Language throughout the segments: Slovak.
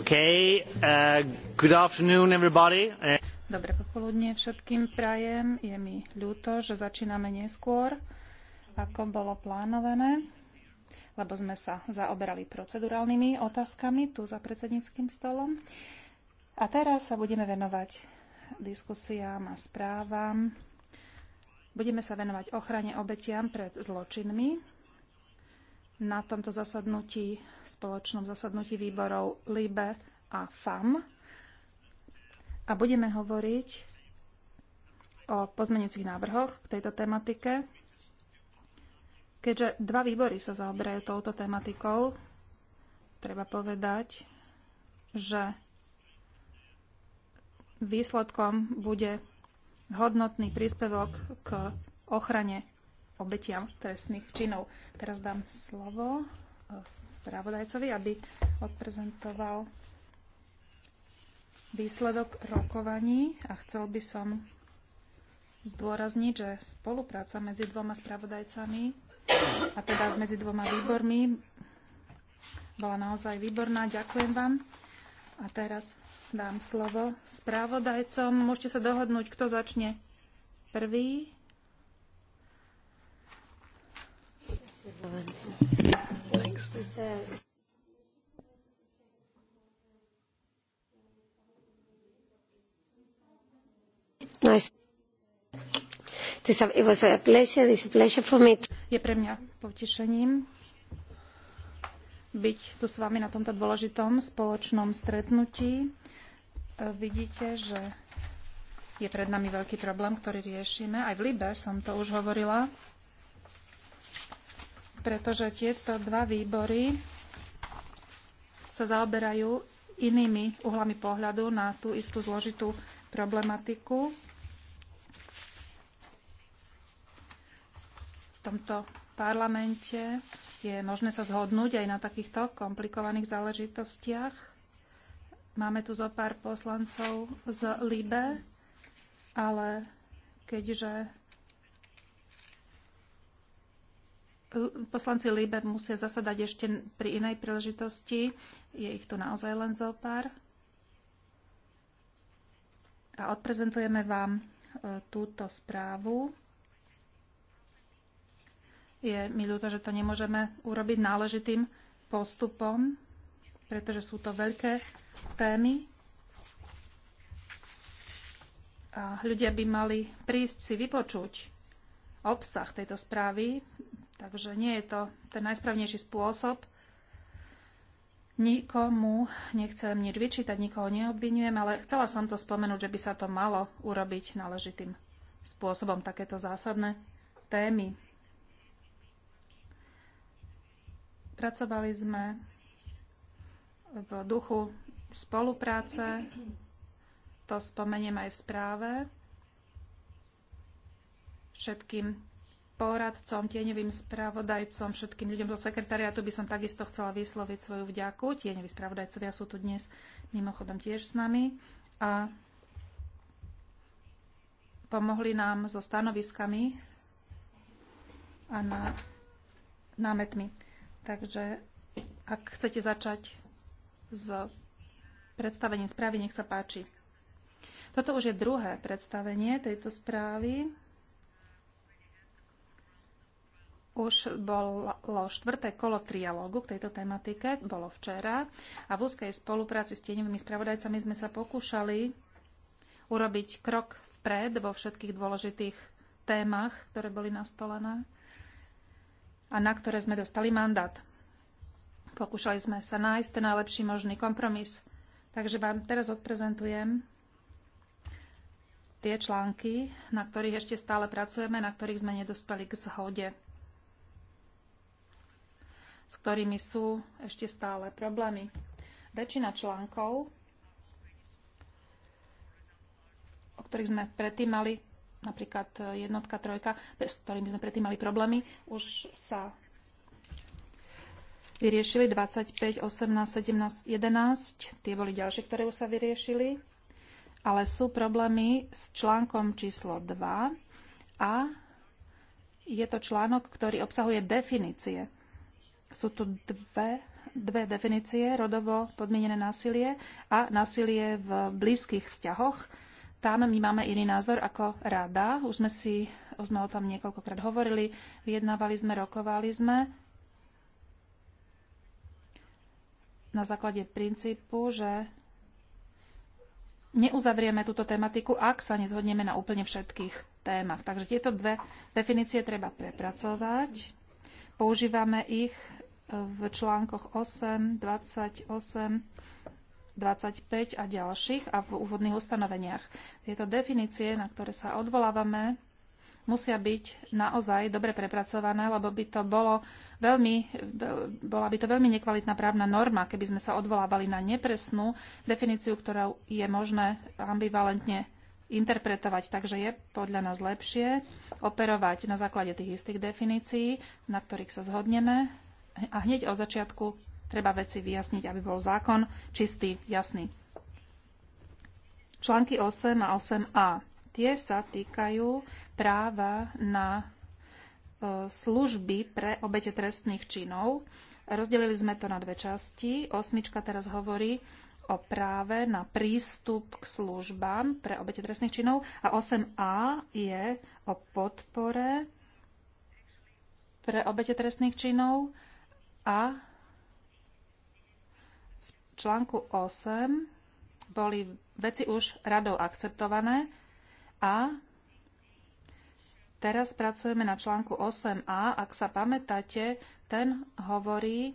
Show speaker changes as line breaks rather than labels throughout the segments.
Okay, uh, good afternoon everybody. Dobre popoludne všetkým prajem. Je
mi ľúto, že začíname neskôr, ako bolo plánované, lebo sme sa zaoberali procedurálnymi otázkami tu za predsedníckým stolom. A teraz sa budeme venovať diskusiám a správam. Budeme sa venovať ochrane obetiam pred zločinmi, na tomto zasadnutí, spoločnom zasadnutí výborov LIBE a FAM. A budeme hovoriť o pozmeňujúcich návrhoch k tejto tematike. Keďže dva výbory sa zaoberajú touto tematikou, treba povedať, že výsledkom bude hodnotný príspevok k ochrane obetiam trestných činov. Teraz dám slovo eh, správodajcovi, aby odprezentoval výsledok rokovaní a chcel by som zdôrazniť, že spolupráca medzi dvoma spravodajcami a teda medzi dvoma výbormi bola naozaj výborná. Ďakujem vám. A teraz dám slovo správodajcom. Môžete sa dohodnúť, kto začne prvý. Je pre mňa potešením byť tu s vami na tomto dôležitom spoločnom stretnutí. Vidíte, že je pred nami veľký problém, ktorý riešime. Aj v Libe som to už hovorila pretože tieto dva výbory sa zaoberajú inými uhlami pohľadu na tú istú zložitú problematiku. V tomto parlamente je možné sa zhodnúť aj na takýchto komplikovaných záležitostiach. Máme tu zo pár poslancov z Libe, ale keďže poslanci Líbe musia zasadať ešte pri inej príležitosti. Je ich tu naozaj len zo pár. A odprezentujeme vám e, túto správu. Je mi ľúto, že to nemôžeme urobiť náležitým postupom, pretože sú to veľké témy. A ľudia by mali prísť si vypočuť obsah tejto správy, Takže nie je to ten najsprávnejší spôsob. Nikomu nechcem nič vyčítať, nikoho neobvinujem, ale chcela som to spomenúť, že by sa to malo urobiť náležitým spôsobom takéto zásadné témy. Pracovali sme v duchu spolupráce, to spomeniem aj v správe. Všetkým poradcom, tieňovým spravodajcom, všetkým ľuďom zo sekretariátu by som takisto chcela vysloviť svoju vďaku. Tieňoví spravodajcovia sú tu dnes mimochodom tiež s nami a pomohli nám so stanoviskami a na, námetmi. Takže ak chcete začať s predstavením správy, nech sa páči. Toto už je druhé predstavenie tejto správy. Už bolo štvrté kolo trialógu k tejto tematike, bolo včera a v úzkej spolupráci s tieňovými spravodajcami sme sa pokúšali urobiť krok vpred vo všetkých dôležitých témach, ktoré boli nastolené a na ktoré sme dostali mandát. Pokúšali sme sa nájsť ten najlepší možný kompromis. Takže vám teraz odprezentujem tie články, na ktorých ešte stále pracujeme, na ktorých sme nedospeli k zhode s ktorými sú ešte stále problémy. Väčšina článkov, o ktorých sme predtým mali, napríklad jednotka, trojka, s ktorými sme predtým mali problémy, už sa vyriešili 25, 18, 17, 11. Tie boli ďalšie, ktoré už sa vyriešili. Ale sú problémy s článkom číslo 2 a je to článok, ktorý obsahuje definície. Sú tu dve, dve definície, rodovo podmienené násilie a násilie v blízkych vzťahoch. Tam my máme iný názor ako rada. Už sme, si, už sme o tom niekoľkokrát hovorili, vyjednávali sme, rokovali sme. na základe princípu, že neuzavrieme túto tematiku, ak sa nezhodneme na úplne všetkých témach. Takže tieto dve definície treba prepracovať. Používame ich v článkoch 8, 28, 25 a ďalších a v úvodných ustanoveniach. Tieto definície, na ktoré sa odvolávame, musia byť naozaj dobre prepracované, lebo by to bolo veľmi, bola by to veľmi nekvalitná právna norma, keby sme sa odvolávali na nepresnú definíciu, ktorá je možné ambivalentne interpretovať. Takže je podľa nás lepšie operovať na základe tých istých definícií, na ktorých sa zhodneme, a hneď od začiatku treba veci vyjasniť, aby bol zákon čistý, jasný. Články 8 a 8a. Tie sa týkajú práva na e, služby pre obete trestných činov. Rozdelili sme to na dve časti. Osmička teraz hovorí o práve na prístup k službám pre obete trestných činov a 8a je o podpore pre obete trestných činov a v článku 8 boli veci už radou akceptované a teraz pracujeme na článku 8a. Ak sa pamätáte, ten hovorí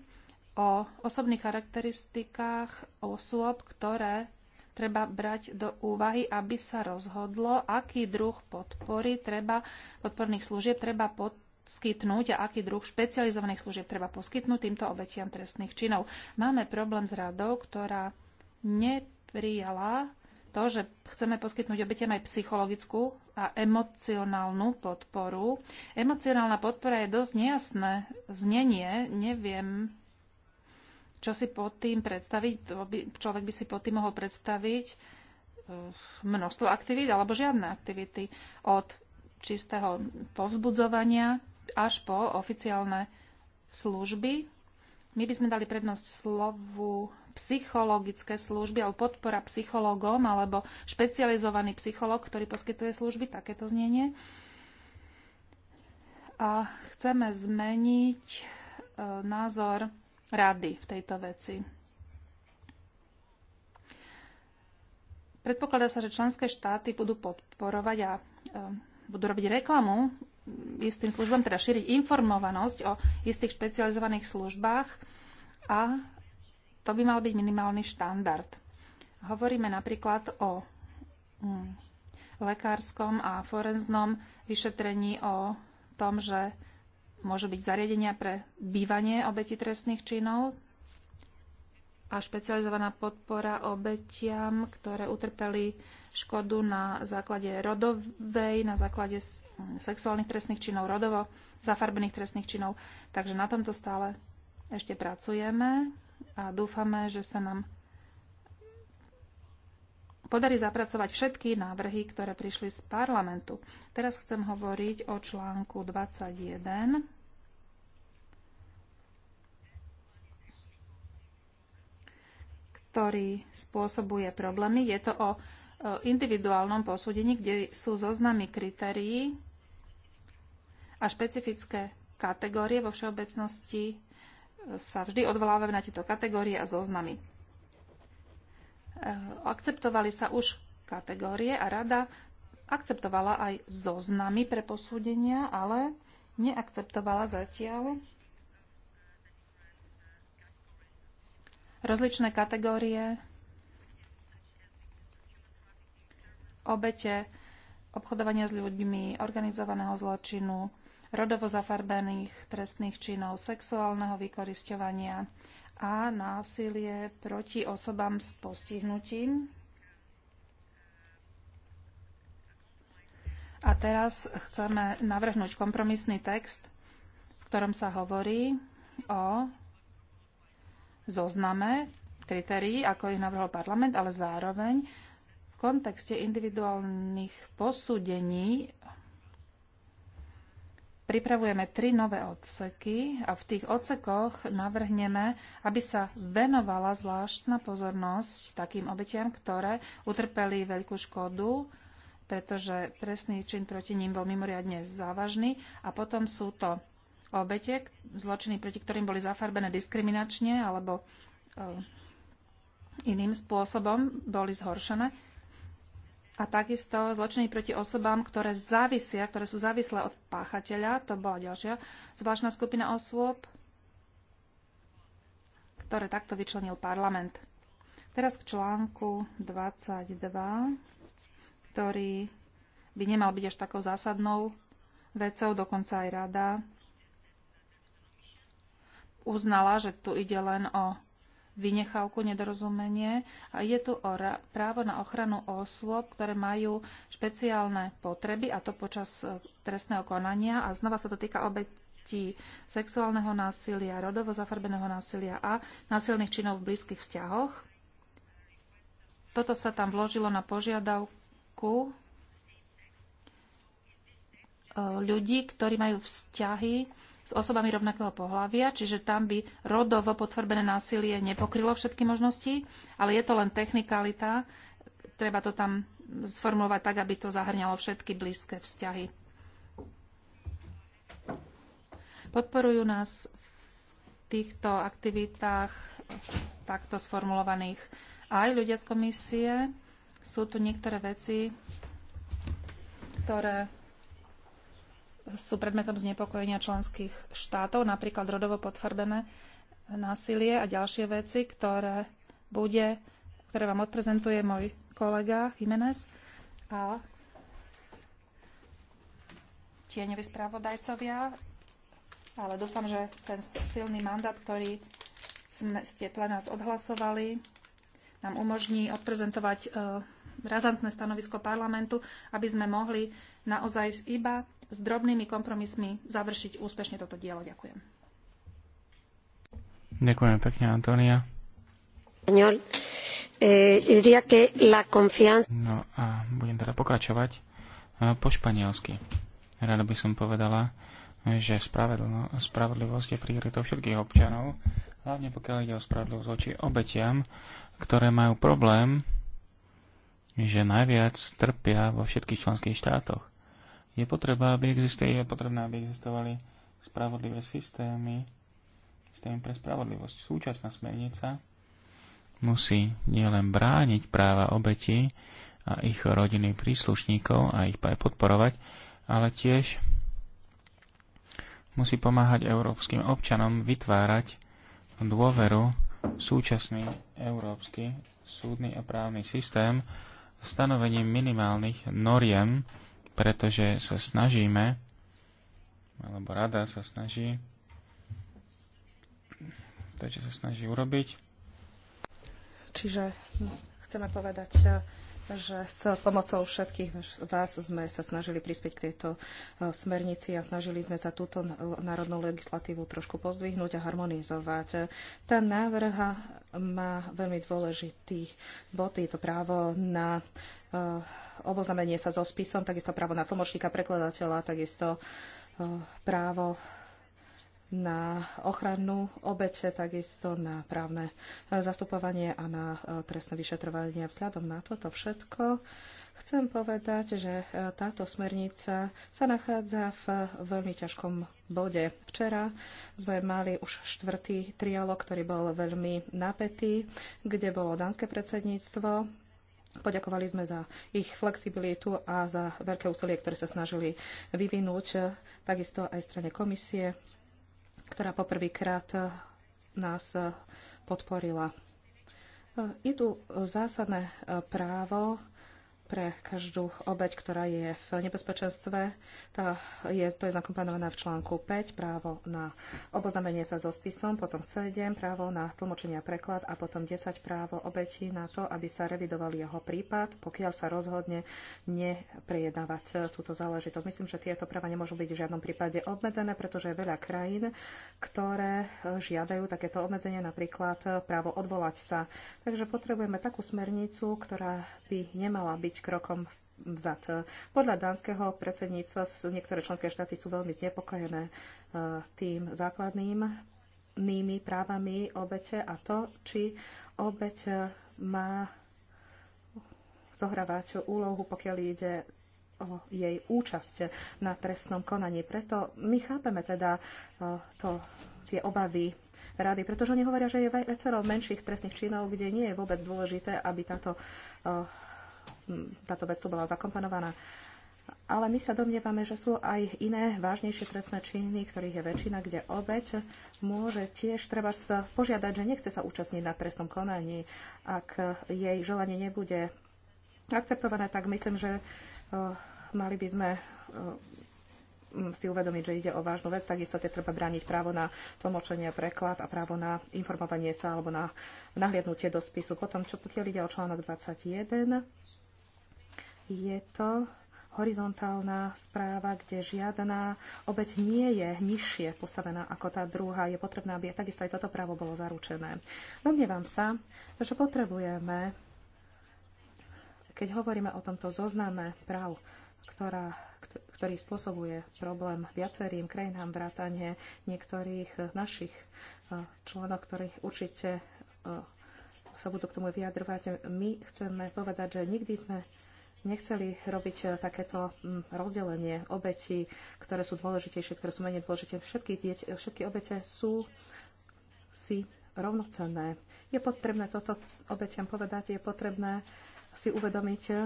o osobných charakteristikách osôb, ktoré treba brať do úvahy, aby sa rozhodlo, aký druh podpory treba, podporných služieb treba pod, poskytnúť a aký druh špecializovaných služieb treba poskytnúť týmto obetiam trestných činov. Máme problém s radou, ktorá neprijala to, že chceme poskytnúť obetiam aj psychologickú a emocionálnu podporu. Emocionálna podpora je dosť nejasné znenie. Neviem, čo si pod tým predstaviť. Človek by si pod tým mohol predstaviť eh, množstvo aktivít alebo žiadne aktivity od čistého povzbudzovania až po oficiálne služby. My by sme dali prednosť slovu psychologické služby alebo podpora psychologom alebo špecializovaný psycholog, ktorý poskytuje služby, takéto znenie. A chceme zmeniť e, názor rady v tejto veci. Predpokladá sa, že členské štáty budú podporovať a e, budú robiť reklamu istým službám, teda šíriť informovanosť o istých špecializovaných službách a to by mal byť minimálny štandard. Hovoríme napríklad o hm, lekárskom a forenznom vyšetrení o tom, že môžu byť zariadenia pre bývanie obeti trestných činov a špecializovaná podpora obetiam, ktoré utrpeli škodu na základe rodovej, na základe sexuálnych trestných činov, rodovo zafarbených trestných činov. Takže na tomto stále ešte pracujeme a dúfame, že sa nám podarí zapracovať všetky návrhy, ktoré prišli z parlamentu. Teraz chcem hovoriť o článku 21. ktorý spôsobuje problémy. Je to o individuálnom posúdení, kde sú zoznamy kritérií a špecifické kategórie. Vo všeobecnosti e, sa vždy odvolávajú na tieto kategórie a zoznamy. E, akceptovali sa už kategórie a rada akceptovala aj zoznamy pre posúdenia, ale neakceptovala zatiaľ rozličné kategórie obete obchodovania s ľuďmi, organizovaného zločinu, rodovo zafarbených trestných činov, sexuálneho vykorisťovania a násilie proti osobám s postihnutím. A teraz chceme navrhnúť kompromisný text, v ktorom sa hovorí o zozname kritérií, ako ich navrhol parlament, ale zároveň kontexte individuálnych posúdení pripravujeme tri nové odseky a v tých odsekoch navrhneme, aby sa venovala zvláštna pozornosť takým obetiam, ktoré utrpeli veľkú škodu, pretože trestný čin proti ním bol mimoriadne závažný. A potom sú to obete, zločiny, proti ktorým boli zafarbené diskriminačne alebo e, iným spôsobom, boli zhoršené a takisto zločiny proti osobám, ktoré závisia, ktoré sú závislé od páchateľa, to bola ďalšia zvláštna skupina osôb, ktoré takto vyčlenil parlament. Teraz k článku 22, ktorý by nemal byť až takou zásadnou vecou, dokonca aj rada uznala, že tu ide len o vynechávku, nedorozumenie. A je tu o právo na ochranu osôb, ktoré majú špeciálne potreby, a to počas e, trestného konania. A znova sa to týka obetí sexuálneho násilia, rodovo zafarbeného násilia a násilných činov v blízkych vzťahoch. Toto sa tam vložilo na požiadavku e, ľudí, ktorí majú vzťahy s osobami rovnakého pohľavia, čiže tam by rodovo potvrbené násilie nepokrylo všetky možnosti, ale je to len technikalita, treba to tam sformulovať tak, aby to zahrňalo všetky blízke vzťahy. Podporujú nás v týchto aktivitách takto sformulovaných aj ľudia z komisie. Sú tu niektoré veci, ktoré sú predmetom znepokojenia členských štátov, napríklad rodovo potvrdené násilie a ďalšie veci, ktoré bude, ktoré vám odprezentuje môj kolega Jiménez a tieňoví správodajcovia, ale dúfam, že ten silný mandát, ktorý sme, ste pre nás odhlasovali, nám umožní odprezentovať e, razantné stanovisko parlamentu, aby sme mohli naozaj iba s drobnými kompromismi završiť úspešne toto dielo. Ďakujem.
Ďakujem pekne, Antonia. Eh, no a budem teda pokračovať eh, po španielsky. Rada by som povedala, že spravodlivosť je prioritou všetkých občanov, hlavne pokiaľ ide o spravodlivosť voči obetiam, ktoré majú problém, že najviac trpia vo všetkých členských štátoch je potreba, aby je potrebné, aby existovali spravodlivé systémy, systémy pre spravodlivosť. Súčasná smernica musí nielen brániť práva obeti a ich rodiny príslušníkov a ich aj podporovať, ale tiež musí pomáhať európskym občanom vytvárať dôveru súčasný európsky súdny a právny systém stanovením minimálnych noriem pretože sa snažíme, alebo rada sa snaží, to, čo sa snaží urobiť.
Čiže chceme povedať, že s pomocou všetkých vás sme sa snažili prispieť k tejto e, smernici a snažili sme sa túto národnú legislatívu trošku pozdvihnúť a harmonizovať. Tá návrha má veľmi dôležitý bod, je to právo na e, oboznamenie sa so spisom, takisto právo na tlmočníka, prekladateľa, takisto e, právo na ochranu obete, takisto na právne zastupovanie a na e, trestné vyšetrovanie. Vzhľadom na toto všetko chcem povedať, že e, táto smernica sa nachádza v veľmi ťažkom bode. Včera sme mali už štvrtý trialog, ktorý bol veľmi napätý, kde bolo dánske predsedníctvo Poďakovali sme za ich flexibilitu a za veľké úsilie, ktoré sa snažili vyvinúť, takisto aj strane komisie ktorá poprvýkrát e, nás e, podporila. E, je tu zásadné právo pre každú obeď, ktorá je v nebezpečenstve. Tá je, to je zakomponované v článku 5, právo na oboznamenie sa so spisom, potom 7, právo na tlmočenie a preklad a potom 10, právo obeti na to, aby sa revidoval jeho prípad, pokiaľ sa rozhodne neprejednávať túto záležitosť. Myslím, že tieto práva nemôžu byť v žiadnom prípade obmedzené, pretože je veľa krajín, ktoré žiadajú takéto obmedzenie, napríklad právo odvolať sa. Takže potrebujeme takú smernicu, ktorá by nemala byť krokom vzad. Podľa dánskeho predsedníctva sú niektoré členské štáty sú veľmi znepokojené e, tým základným nými právami obete a to, či obeť má zohrávať úlohu, pokiaľ ide o jej účasť na trestnom konaní. Preto my chápeme teda e, to, tie obavy rady, pretože oni hovoria, že je viacero menších trestných činov, kde nie je vôbec dôležité, aby táto e, táto vec tu bola zakomponovaná. Ale my sa domnievame, že sú aj iné vážnejšie trestné činy, ktorých je väčšina, kde obeď môže tiež treba požiadať, že nechce sa účastniť na trestnom konaní. Ak jej želanie nebude akceptované, tak myslím, že uh, mali by sme uh, si uvedomiť, že ide o vážnu vec, takisto tie treba brániť právo na tlmočenie, preklad a právo na informovanie sa alebo na nahliadnutie do spisu. Potom, čo pokiaľ ide o článok 21, je to horizontálna správa, kde žiadna obeď nie je nižšie postavená ako tá druhá. Je potrebné, aby takisto aj toto právo bolo zaručené. Domnievam sa, že potrebujeme, keď hovoríme o tomto zozname práv, ktorá, ktorý spôsobuje problém viacerým krajinám vrátane niektorých našich eh, členov, ktorých určite eh, sa budú k tomu vyjadrovať. My chceme povedať, že nikdy sme nechceli robiť e, takéto mm, rozdelenie obetí, ktoré sú dôležitejšie, ktoré sú menej dôležité. Všetky, dieť, všetky obete sú si rovnocenné. Je potrebné toto obeťam povedať, je potrebné si uvedomiť, e,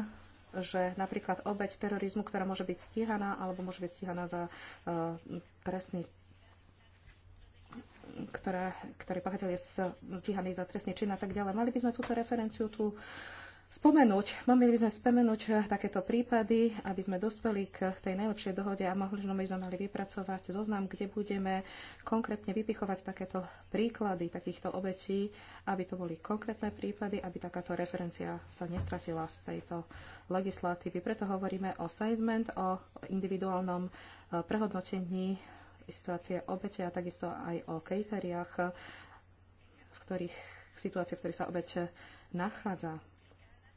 že napríklad obeť terorizmu, ktorá môže byť stíhaná alebo môže byť stíhaná za uh, trestný ktorá, ktorý pachateľ je stíhaný za trestný čin a tak ďalej. Mali by sme túto referenciu tu spomenúť, mohli by sme spomenúť eh, takéto prípady, aby sme dospeli k tej najlepšej dohode a mohli by sme mali vypracovať zoznam, kde budeme konkrétne vypichovať takéto príklady takýchto obetí, aby to boli konkrétne prípady, aby takáto referencia sa nestratila z tejto legislatívy. Preto hovoríme o assessment, o individuálnom eh, prehodnotení situácie obete a takisto aj o kritériách, v ktorých situácie, v ktorých sa obete nachádza.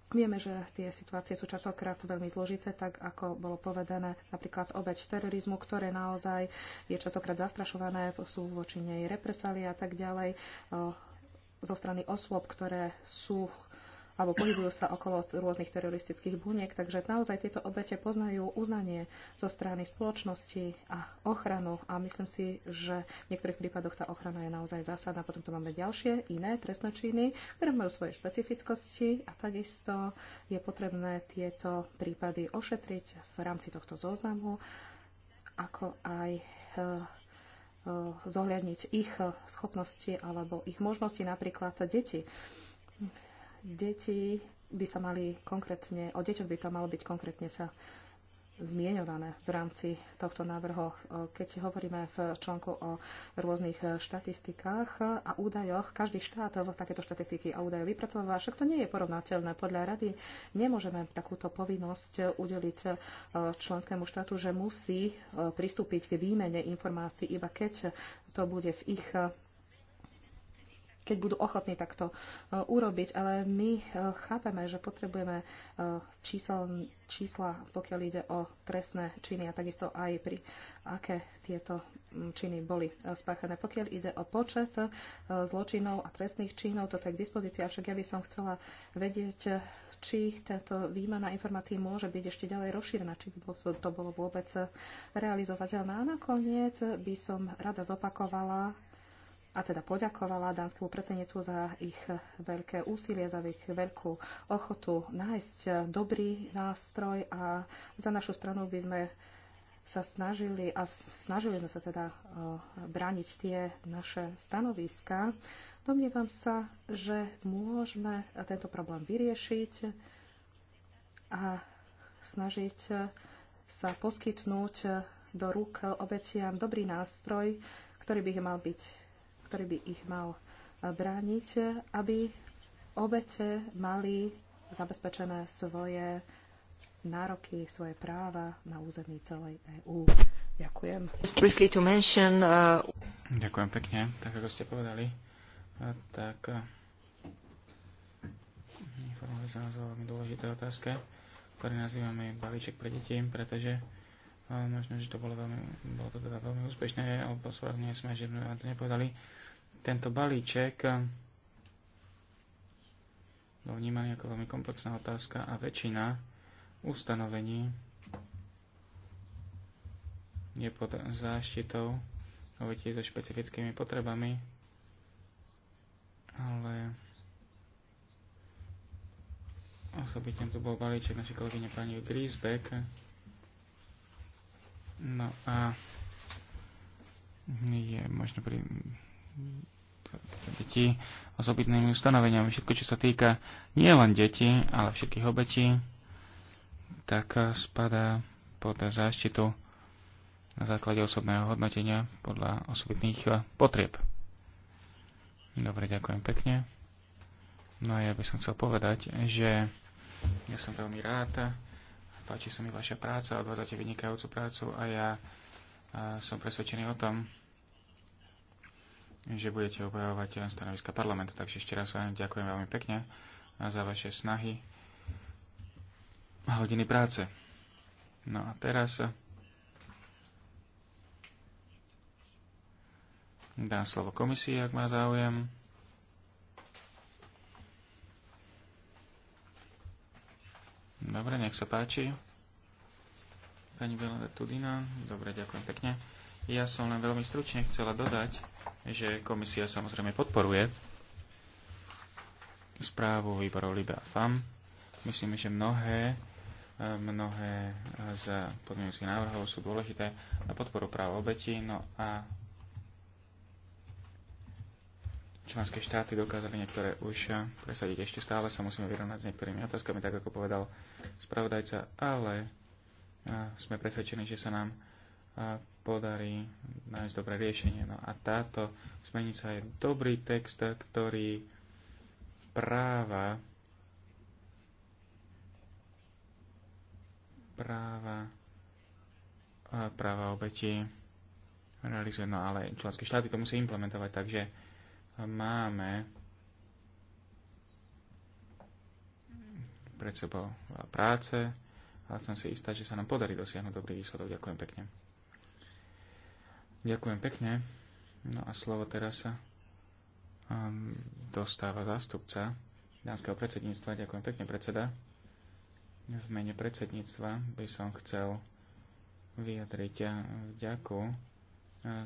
Vieme, že tie situácie sú častokrát veľmi zložité, tak ako bolo povedané, napríklad obeď terorizmu, ktoré naozaj je častokrát zastrašované, sú voči nej represálie a tak ďalej eh, zo strany osôb, ktoré sú alebo pohybujú sa okolo rôznych teroristických buniek, takže naozaj tieto obete poznajú uznanie zo strany spoločnosti a ochranu a myslím si, že v niektorých prípadoch tá ochrana je naozaj zásadná. Potom tu máme ďalšie iné trestné činy, ktoré majú svoje špecifickosti a takisto je potrebné tieto prípady ošetriť v rámci tohto zoznamu, ako aj e, e, zohľadniť ich schopnosti alebo ich možnosti, napríklad deti Deti by sa mali konkrétne, o deťoch by to malo byť konkrétne sa zmieňované v rámci tohto návrhu. Keď hovoríme v článku o rôznych štatistikách a údajoch, každý štát v takéto štatistiky a údaje vypracováva, však to nie je porovnateľné. Podľa rady nemôžeme takúto povinnosť udeliť eh, členskému štátu, že musí eh, pristúpiť k výmene informácií, iba keď to bude v ich eh, keď budú ochotní takto e, urobiť. Ale my e, chápeme, že potrebujeme e, čísel, čísla, pokiaľ ide o trestné činy a takisto aj pri aké tieto činy boli spáchané. Pokiaľ ide o počet zločinov a trestných činov, toto je k dispozícii, avšak ja by som chcela vedieť, či táto výmena informácií môže byť ešte ďalej rozšírená, či by to bolo vôbec realizovateľné. A nakoniec by som rada zopakovala a teda poďakovala dánskemu predsedníctvu za ich veľké úsilie, za ich veľkú ochotu nájsť dobrý nástroj a za našu stranu by sme sa snažili a snažili sme sa teda eh, brániť tie naše stanoviska. Domnievam sa, že môžeme tento problém vyriešiť a snažiť sa poskytnúť do rúk obetiam dobrý nástroj, ktorý by mal byť ktorý by ich mal eh, brániť, aby obete mali zabezpečené svoje nároky, svoje práva na území celej EÚ.
Ďakujem.
Mention, uh...
Ďakujem pekne. Tak ako ste povedali, a eh, tak informovali sa nás o veľmi dôležité otázke, ktoré nazývame balíček pre deti, pretože ale možno, že to bolo, veľmi, bolo to teda veľmi úspešné, alebo svojho sme, že vám to nepovedali. Tento balíček eh, bol vnímaný ako veľmi komplexná otázka a väčšina ustanovení je pod záštitou obetí so špecifickými potrebami, ale osobitne tu bol balíček našej kolegyne pani Griesbeck, No a je možno pri deti osobitnými ustanoveniami. Všetko, čo sa týka nielen detí, ale všetkých obetí, tak spadá pod záštitu na základe osobného hodnotenia podľa osobitných eh, potrieb. Dobre, ďakujem pekne. No a ja by som chcel povedať, že ja som veľmi rád, páči sa mi vaša práca, odvádzate vynikajúcu prácu a ja a som presvedčený o tom, že budete obhajovať stanoviska parlamentu. Takže ešte raz ďakujem veľmi pekne za vaše snahy a hodiny práce. No a teraz dám slovo komisii, ak má záujem. Dobre, nech sa páči. Pani Belanda Tudina, dobre, ďakujem pekne. Ja som len veľmi stručne chcela dodať, že komisia samozrejme podporuje správu výborov Libe a FAM. Myslím, že mnohé, eh, mnohé z podmienujúcich návrhov sú dôležité na podporu práv obeti, no a členské štáty dokázali niektoré už presadiť. Ešte stále sa musíme vyrovnať s niektorými otázkami, tak ako povedal spravodajca, ale sme presvedčení, že sa nám podarí nájsť dobré riešenie. No a táto smernica je dobrý text, ktorý práva práva práva obeti realizuje, no ale členské štáty to musí implementovať, takže máme pred sebou veľa práce ale som si istá, že sa nám podarí dosiahnuť dobrý výsledok. Ďakujem pekne. Ďakujem pekne. No a slovo teraz sa um, dostáva zástupca dánskeho predsedníctva. Ďakujem pekne, predseda. V mene predsedníctva by som chcel vyjadriť vďaku uh,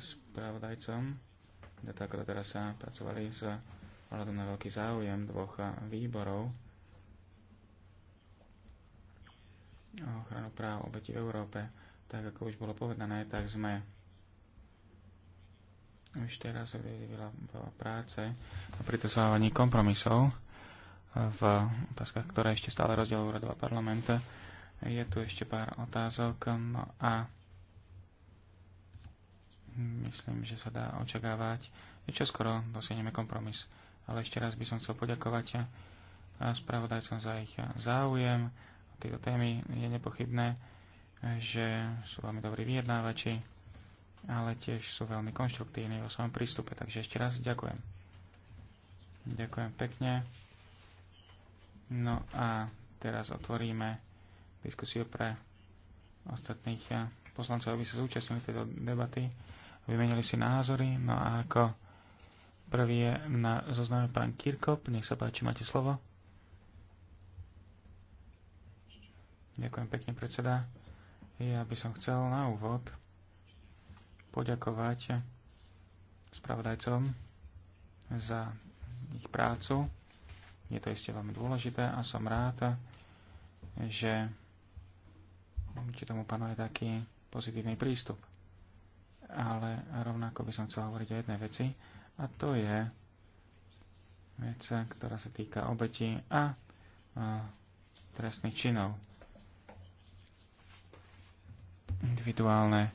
spravodajcom tak teraz sa pracovali s ohľadom na veľký záujem dvoch výborov o ochranu práv obeti v Európe. Tak ako už bolo povedané, tak sme už teraz veľa, veľa práce a pri dosahovaní kompromisov v otázkach, ktoré ešte stále rozdielujú radova parlamenta Je tu ešte pár otázok. No a myslím, že sa dá očakávať, že čo skoro dosiahneme kompromis. Ale ešte raz by som chcel poďakovať spravodajcom za ich záujem o tejto témy. Je nepochybné, že sú veľmi dobrí vyjednávači, ale tiež sú veľmi konštruktívni vo svojom prístupe. Takže ešte raz ďakujem. Ďakujem pekne. No a teraz otvoríme diskusiu pre ostatných poslancov, aby sa zúčastnili tejto debaty vymenili si názory. No a ako prvý je na zozname pán Kirkop. Nech sa páči, máte slovo. Ďakujem pekne, predseda. Ja by som chcel na úvod poďakovať spravodajcom za ich prácu. Je to iste veľmi dôležité a som rád, že či tomu panuje taký pozitívny prístup ale rovnako by som chcel hovoriť o jednej veci a to je vec, ktorá sa týka obetí a, a trestných činov. Individuálne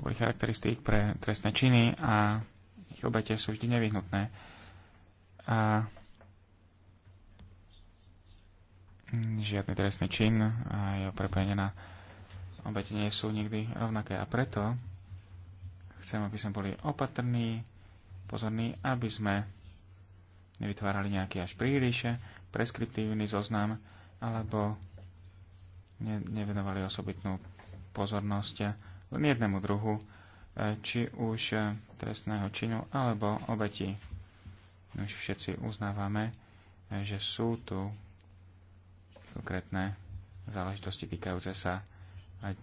boli charakteristík pre trestné činy a ich obete sú vždy nevyhnutné. A žiadny trestný čin a jeho prepojenie na obete nie sú nikdy rovnaké. A preto Chcem, aby sme boli opatrní, pozorní, aby sme nevytvárali nejaký až príliš preskriptívny zoznam alebo ne, nevenovali osobitnú pozornosť len jednému druhu, e, či už trestného činu alebo obeti. Už všetci uznávame, že sú tu konkrétne záležitosti týkajúce sa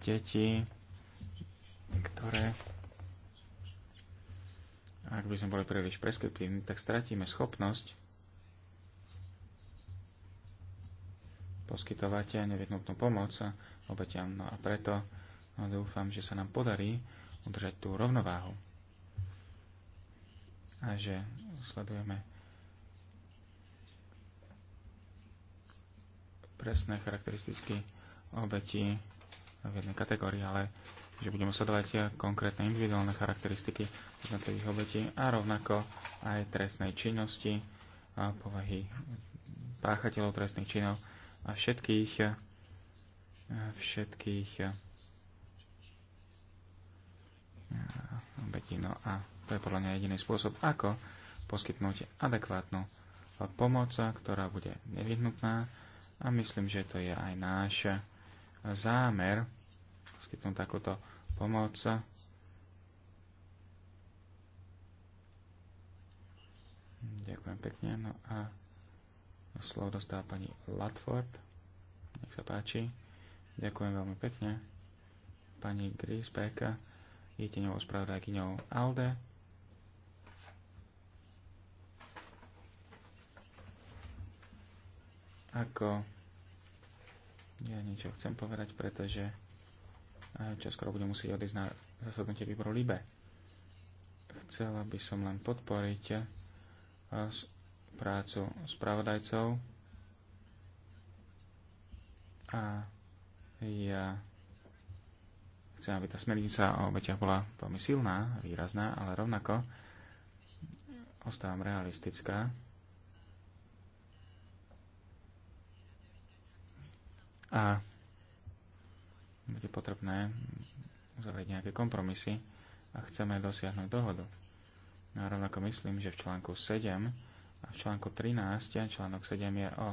deti. ktoré ak by sme boli príliš preskriptívni, tak stratíme schopnosť poskytovať nevyhnutnú pomoc obeťam. No a preto no, dúfam, že sa nám podarí udržať tú rovnováhu a že sledujeme presné charakteristiky obeti v jednej kategórii, ale že budeme sledovať eh, konkrétne individuálne charakteristiky jednotlivých obetí a rovnako aj trestnej činnosti, a povahy páchateľov trestných činov a všetkých, eh, všetkých eh, obetí. No a to je podľa mňa jediný spôsob, ako poskytnúť adekvátnu pomoc, ktorá bude nevyhnutná a myslím, že to je aj náš zámer poskytnúť takúto pomoc. Ďakujem pekne. No a slovo dostáva pani Latford. Nech sa páči. Ďakujem veľmi pekne. Pani Grisbeka je teňovou spravodajkyňou ALDE. Ako ja niečo chcem povedať, pretože čo skoro budem musieť odísť na zasadnutie výboru LIBE. Chcela by som len podporiť eh, prácu spravodajcov a ja chcem, aby tá smernica o obeťach bola veľmi silná, výrazná, ale rovnako ostávam realistická. A bude potrebné uzavrieť nejaké kompromisy a chceme dosiahnuť dohodu. No a rovnako myslím, že v článku 7 a v článku 13, článok 7 je o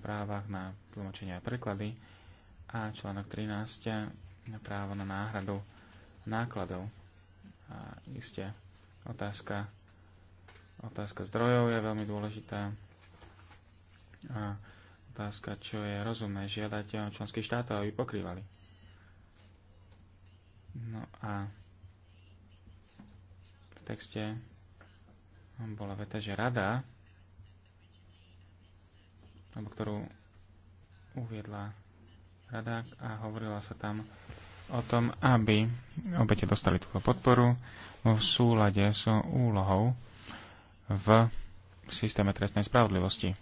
právach na tlmočenie a preklady a článok 13 na právo na náhradu nákladov. A iste otázka, otázka zdrojov je veľmi dôležitá. A otázka, čo je rozumné žiadať členských štátov, aby pokrývali. No a v texte bola veta, že rada, alebo ktorú uviedla rada a hovorila sa tam o tom, aby obete dostali túto podporu v súlade s úlohou v systéme trestnej spravodlivosti.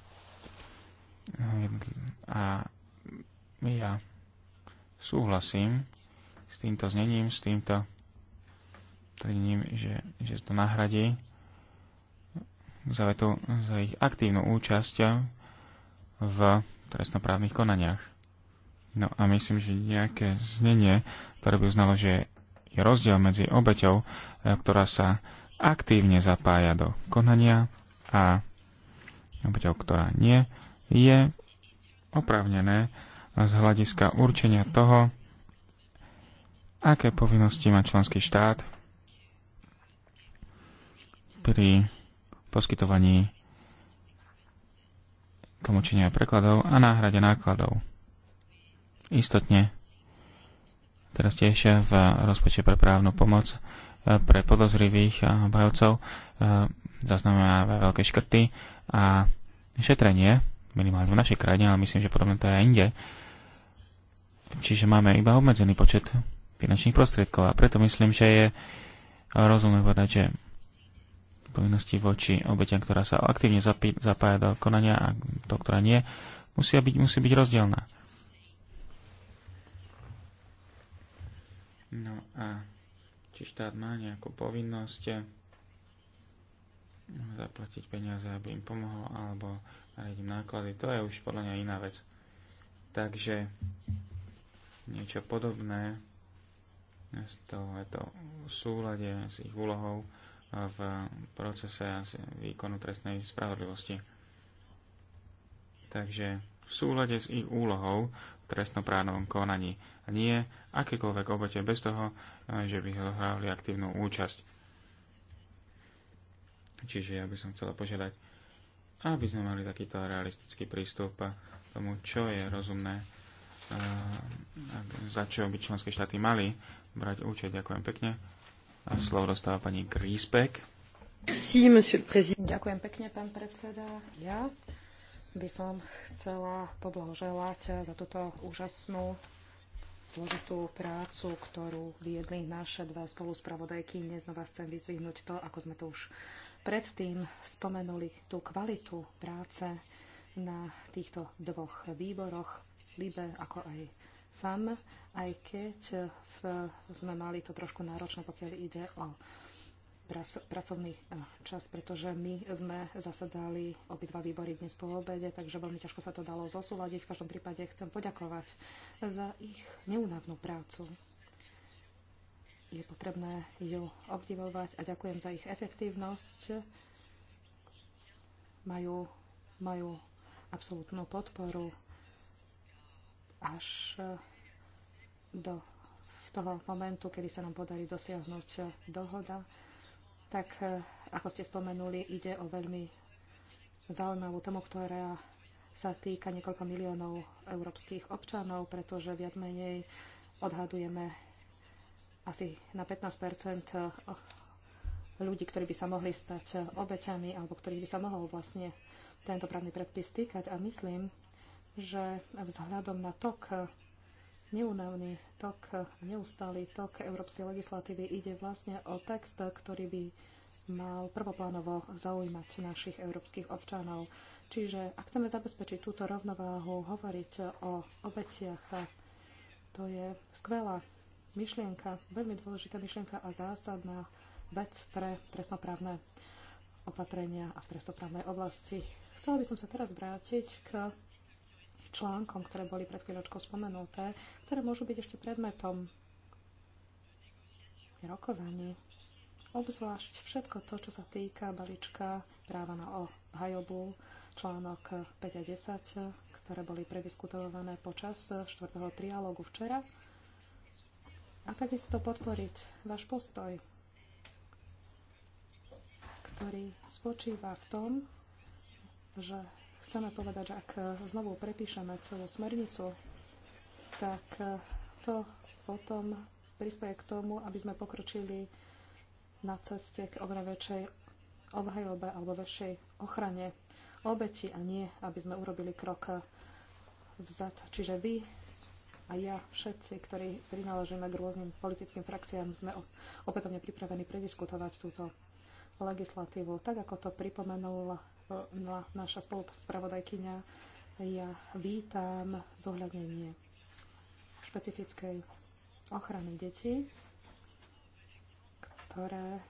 A ja súhlasím s týmto znením, s týmto tvrdením, že, že to nahradí za vetu za ich aktívnu účasť v trestnoprávnych konaniach. No a myslím, že nejaké znenie, ktoré by uznalo, že je rozdiel medzi obeťou, e, ktorá sa aktívne zapája do konania a obeťou, ktorá nie, je oprávnené z hľadiska určenia toho, aké povinnosti má členský štát pri poskytovaní tlmočenia prekladov a náhrade nákladov. Istotne, teraz tiež v rozpočte pre právnu pomoc e, pre podozrivých obhajovcov e, zaznamenáva veľké škrty a šetrenie, minimálne v našej krajine, ale myslím, že podobne to je aj inde. Čiže máme iba obmedzený počet finančných prostriedkov. A preto myslím, že je rozumné povedať, že povinnosti voči obeťam, ktorá sa aktívne zapája do konania a to, ktorá nie, musia byť, musí byť rozdielna. No a či štát má nejakú povinnosť eh, zaplatiť peniaze, aby im pomohol, alebo nariadiť náklady, to je už podľa mňa iná vec. Takže niečo podobné to, je to v súlade s ich úlohou v procese výkonu trestnej spravodlivosti. Takže v súlade s ich úlohou v trestnoprávnom konaní a nie akékoľvek obete bez toho, že by hrali aktívnu účasť. Čiže ja by som chcela požiadať, aby sme mali takýto realistický prístup a tomu, čo je rozumné, za čo by členské štáty mali brať účet. Ďakujem pekne. A slovo dostáva pani Griesbeck.
Sí, Ďakujem pekne, pán predseda. Ja by som chcela poblahoželať za túto úžasnú zložitú prácu, ktorú viedli naše dve spoluspravodajky. znova chcem vyzvihnúť to, ako sme to už predtým spomenuli, tú kvalitu práce na týchto dvoch výboroch, LIBE ako aj Fam, aj keď e, v, sme mali to trošku náročné, pokiaľ ide o pracovný e, čas, pretože my sme zasadali obidva výbory dnes po obede, takže veľmi ťažko sa to dalo zosúľadiť. V každom prípade chcem poďakovať za ich neúnavnú prácu. Je potrebné ju obdivovať a ďakujem za ich efektívnosť. Majú, majú absolútnu podporu až e, do toho momentu, kedy sa nám podarí dosiahnuť e, dohoda, tak e, ako ste spomenuli, ide o veľmi zaujímavú tému, ktorá sa týka niekoľko miliónov európskych občanov, pretože viac menej odhadujeme asi na 15 ľudí, ktorí by sa mohli stať obeťami alebo ktorých by sa mohol vlastne tento právny predpis týkať. A myslím, že vzhľadom na tok, neunavný tok, neustály tok európskej legislatívy ide vlastne o text, ktorý by mal prvoplánovo zaujímať našich európskych občanov. Čiže ak chceme zabezpečiť túto rovnováhu, hovoriť o obetiach, to je skvelá myšlienka, veľmi dôležitá myšlienka a zásadná vec pre trestnoprávne opatrenia a v trestnoprávnej oblasti. Chcela by som sa teraz vrátiť k článkom, ktoré boli pred chvíľočkou spomenuté, ktoré môžu byť ešte predmetom rokovaní. Obzvlášť všetko to, čo sa týka balíčka práva na obhajobu, článok 5 a 10, ktoré boli prediskutované počas 4. trialógu včera. A takisto podporiť váš postoj, ktorý spočíva v tom, že chceme povedať, že ak e, znovu prepíšeme celú smernicu, tak e, to potom prispieje k tomu, aby sme pokročili na ceste k oveľa väčšej obhajobe alebo väčšej ochrane obeti a nie, aby sme urobili krok e, vzad. Čiže vy a ja, všetci, ktorí prináležíme k rôznym politickým frakciám, sme opätovne pripravení prediskutovať túto legislatívu. Tak, ako to pripomenul na, no naša spoluspravodajkyňa, ja vítam zohľadnenie špecifickej ochrany detí, ktoré,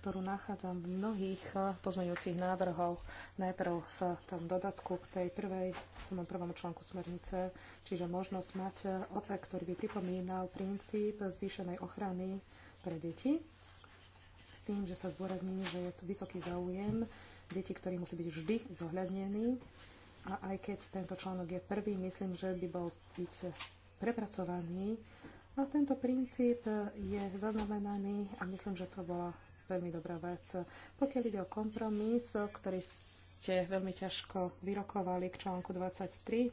ktorú nachádzam v mnohých eh, pozmeňujúcich návrhoch. Najprv eh, v tom dodatku k tej prvej, v tom prvom článku smernice, čiže možnosť mať eh, oce, ktorý by pripomínal princíp zvýšenej ochrany pre deti s tým, že sa zdôrazní, že je tu vysoký záujem Deti, ktorí musí byť vždy zohľadnení, A aj keď tento článok je prvý, myslím, že by bol byť prepracovaný. A tento princíp je zaznamenaný a myslím, že to bola veľmi dobrá vec. Pokiaľ ide o kompromis, ktorý ste veľmi ťažko vyrokovali k článku 23,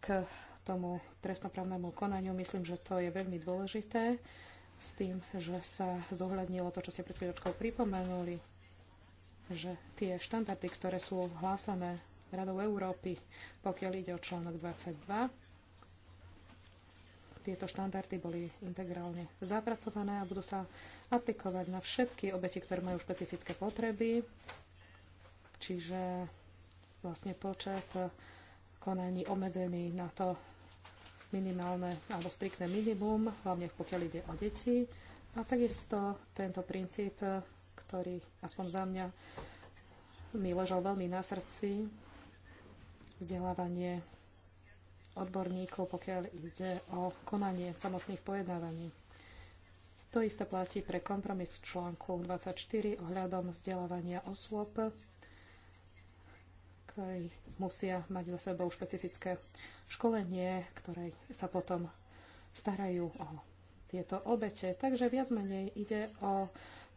k tomu trestnoprávnemu konaniu, myslím, že to je veľmi dôležité s tým, že sa zohľadnilo to, čo ste pred chvíľočkou pripomenuli, že tie štandardy, ktoré sú hlásané Radou Európy, pokiaľ ide o článok 22, tieto štandardy boli integrálne zapracované a budú sa aplikovať na všetky obete, ktoré majú špecifické potreby, čiže vlastne počet konaní obmedzený na to minimálne alebo striktné minimum, hlavne pokiaľ ide o deti. A takisto tento princíp, ktorý aspoň za mňa mi ležal veľmi na srdci vzdelávanie odborníkov, pokiaľ ide o konanie samotných pojednávaní. To isté platí pre kompromis článku 24 ohľadom vzdelávania osôb, ktorí musia mať za sebou špecifické školenie, ktoré sa potom starajú o tieto obete. Takže viac menej ide o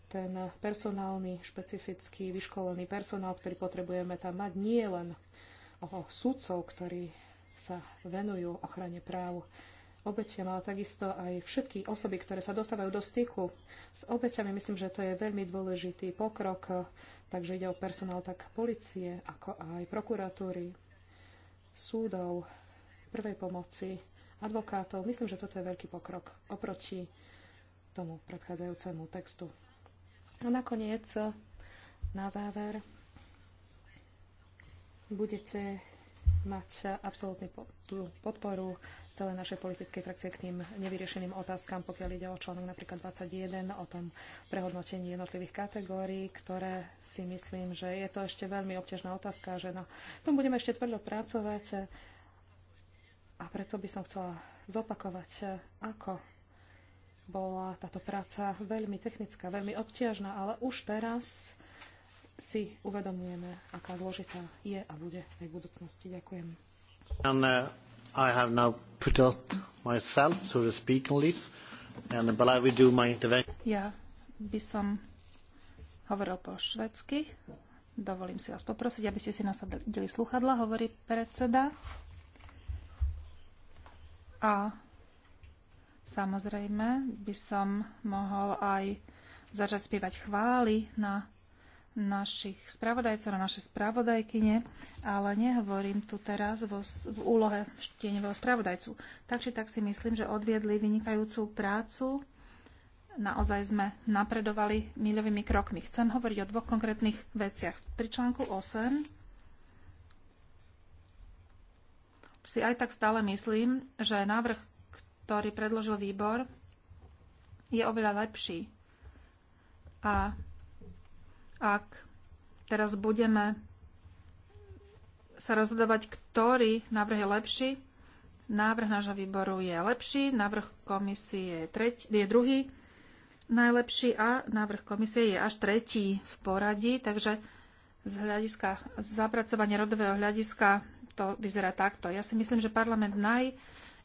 ten personálny, špecifický, vyškolený personál, ktorý potrebujeme tam mať, nie len o sudcov, ktorí sa venujú ochrane práv obetiam, ale takisto aj všetky osoby, ktoré sa dostávajú do styku s obeťami. Myslím, že to je veľmi dôležitý pokrok, takže ide o personál tak policie, ako aj prokuratúry, súdov, prvej pomoci, advokátov. Myslím, že toto je veľký pokrok oproti tomu predchádzajúcemu textu. A nakoniec, na záver, budete mať absolútnu podporu celej našej politické frakcie k tým nevyriešeným otázkam, pokiaľ ide o článok napríklad 21, o tom prehodnotení jednotlivých kategórií, ktoré si myslím, že je to ešte veľmi obťažná otázka, že na tom budeme ešte tvrdo pracovať. A preto by som chcela zopakovať, ako bola táto práca veľmi technická, veľmi obťažná, ale už teraz si uvedomujeme, aká zložitá je a bude aj v budúcnosti. Ďakujem.
And, uh, I have now put up myself to speak, speaking list, and, but I will do my intervention.
Ja by som hovoril po švedsky. Dovolím si vás poprosiť, aby ste si nasadili sluchadla, hovorí predseda. A Samozrejme by som mohol aj začať spievať chvály na našich spravodajcov, na naše spravodajkyne, ale nehovorím tu teraz vo, v úlohe tieňového spravodajcu. Tak či tak si myslím, že odviedli vynikajúcu prácu. Naozaj sme napredovali milovými krokmi. Chcem hovoriť o dvoch konkrétnych veciach. Pri článku 8 si aj tak stále myslím, že návrh ktorý predložil výbor, je oveľa lepší. A ak teraz budeme sa rozhodovať, ktorý návrh je lepší, návrh nášho výboru je lepší, návrh komisie je, tretí, je druhý najlepší a návrh komisie je až tretí v poradí, takže z hľadiska z zapracovania rodového hľadiska to vyzerá takto. Ja si myslím, že parlament naj,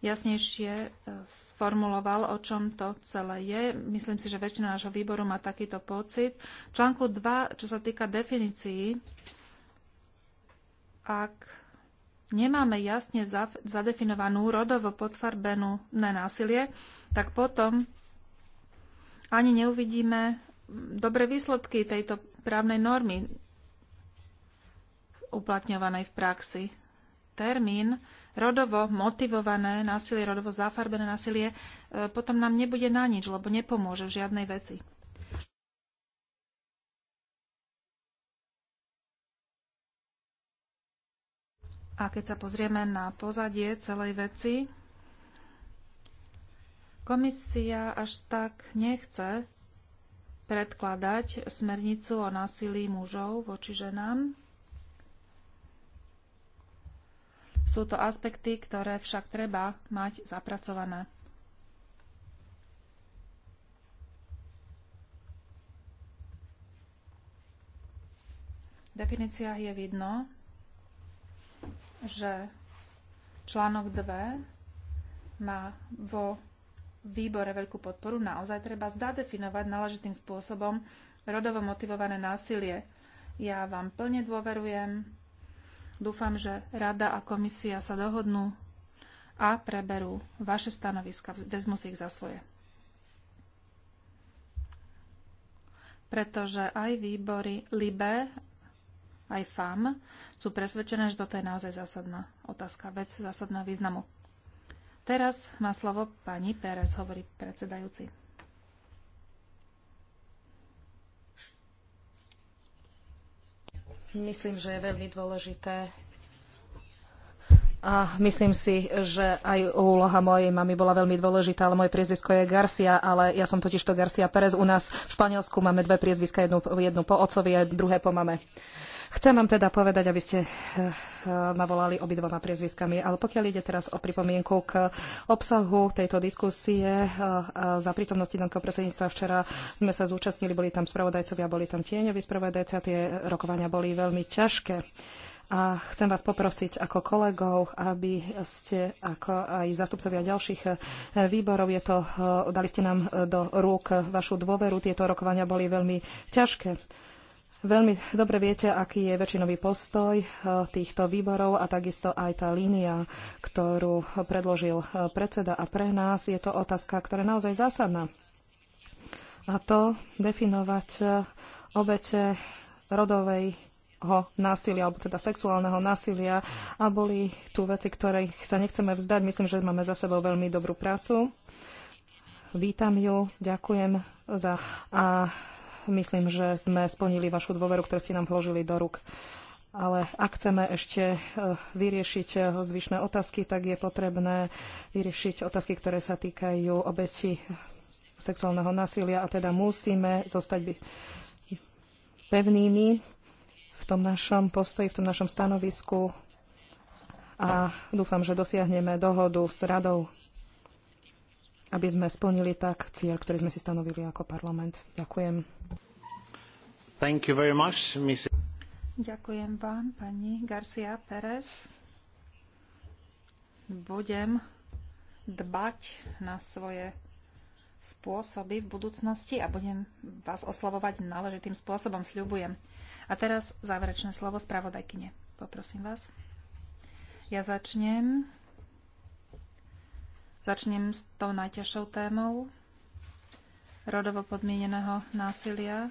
jasnejšie e, sformuloval, o čom to celé je. Myslím si, že väčšina nášho výboru má takýto pocit. V článku 2, čo sa týka definícií, ak nemáme jasne zadefinovanú rodovo potvarbenú násilie, tak potom ani neuvidíme dobré výsledky tejto právnej normy uplatňovanej v praxi. Termín rodovo motivované násilie, rodovo zafarbené násilie e, potom nám nebude na nič, lebo nepomôže v žiadnej veci. A keď sa pozrieme na pozadie celej veci, komisia až tak nechce predkladať smernicu o násilí mužov voči ženám. Sú to aspekty, ktoré však treba mať zapracované. V definíciách je vidno, že článok 2 má vo výbore veľkú podporu. Naozaj treba zadefinovať náležitým spôsobom rodovo motivované násilie. Ja vám plne dôverujem, Dúfam, že Rada a komisia sa dohodnú a preberú vaše stanoviska, vezmu si ich za svoje. Pretože aj výbory LIBE, aj FAM sú presvedčené, že toto je naozaj zásadná otázka, vec zásadného významu. Teraz má slovo pani Pérez, hovorí predsedajúci.
Myslím, že je veľmi
dôležité a myslím si, že aj úloha mojej mamy bola veľmi dôležitá, ale moje priezvisko je Garcia, ale ja som totižto Garcia Perez. U nás v Španielsku máme dve priezviska, jednu, jednu po otcovi a druhé po mame. Chcem vám teda povedať, aby ste eh, eh, ma volali obidvoma priezviskami, ale pokiaľ ide teraz o pripomienku k obsahu tejto diskusie, eh, za prítomnosti danského predsedníctva včera sme sa zúčastnili, boli tam spravodajcovia, boli tam tieňoví spravodajcia, tie rokovania boli veľmi ťažké. A chcem vás poprosiť ako kolegov, aby ste, ako aj zastupcovia ďalších výborov, je to, dali ste nám do rúk vašu dôveru. Tieto rokovania boli veľmi ťažké Veľmi dobre viete, aký je väčšinový postoj eh, týchto výborov a takisto aj tá línia, ktorú predložil eh, predseda. A pre nás je to otázka, ktorá je naozaj zásadná. A to definovať eh, obete rodovej násilia, alebo teda sexuálneho násilia. A boli tu veci, ktorých sa nechceme vzdať. Myslím, že máme za sebou veľmi dobrú prácu. Vítam ju, ďakujem za... A myslím, že sme splnili vašu dôveru, ktorú ste nám vložili do rúk. Ale ak chceme ešte e, vyriešiť e, zvyšné otázky, tak je potrebné vyriešiť otázky, ktoré sa týkajú obeti sexuálneho násilia a teda musíme zostať pevnými v tom našom postoji, v tom našom stanovisku a dúfam, že dosiahneme dohodu s radou aby sme splnili tak cieľ, ktorý sme si stanovili ako parlament. Ďakujem.
Thank you very much, Ms.
Ďakujem vám, pani Garcia Pérez. Budem dbať na svoje spôsoby v budúcnosti a budem vás oslavovať náležitým spôsobom, sľubujem. A teraz záverečné slovo spravodajkyne. Poprosím vás. Ja začnem. Začnem s tou najťažšou témou rodovo podmieneného násilia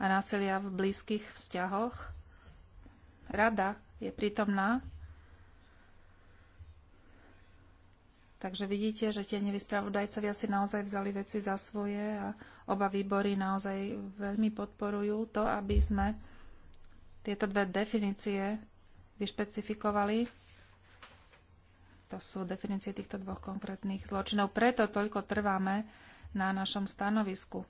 a násilia v blízkych vzťahoch. Rada je prítomná, takže vidíte, že tie nevyspravodajcovia si naozaj vzali veci za svoje a oba výbory naozaj veľmi podporujú to, aby sme tieto dve definície vyšpecifikovali to sú definície týchto dvoch konkrétnych zločinov. Preto toľko trváme na našom stanovisku.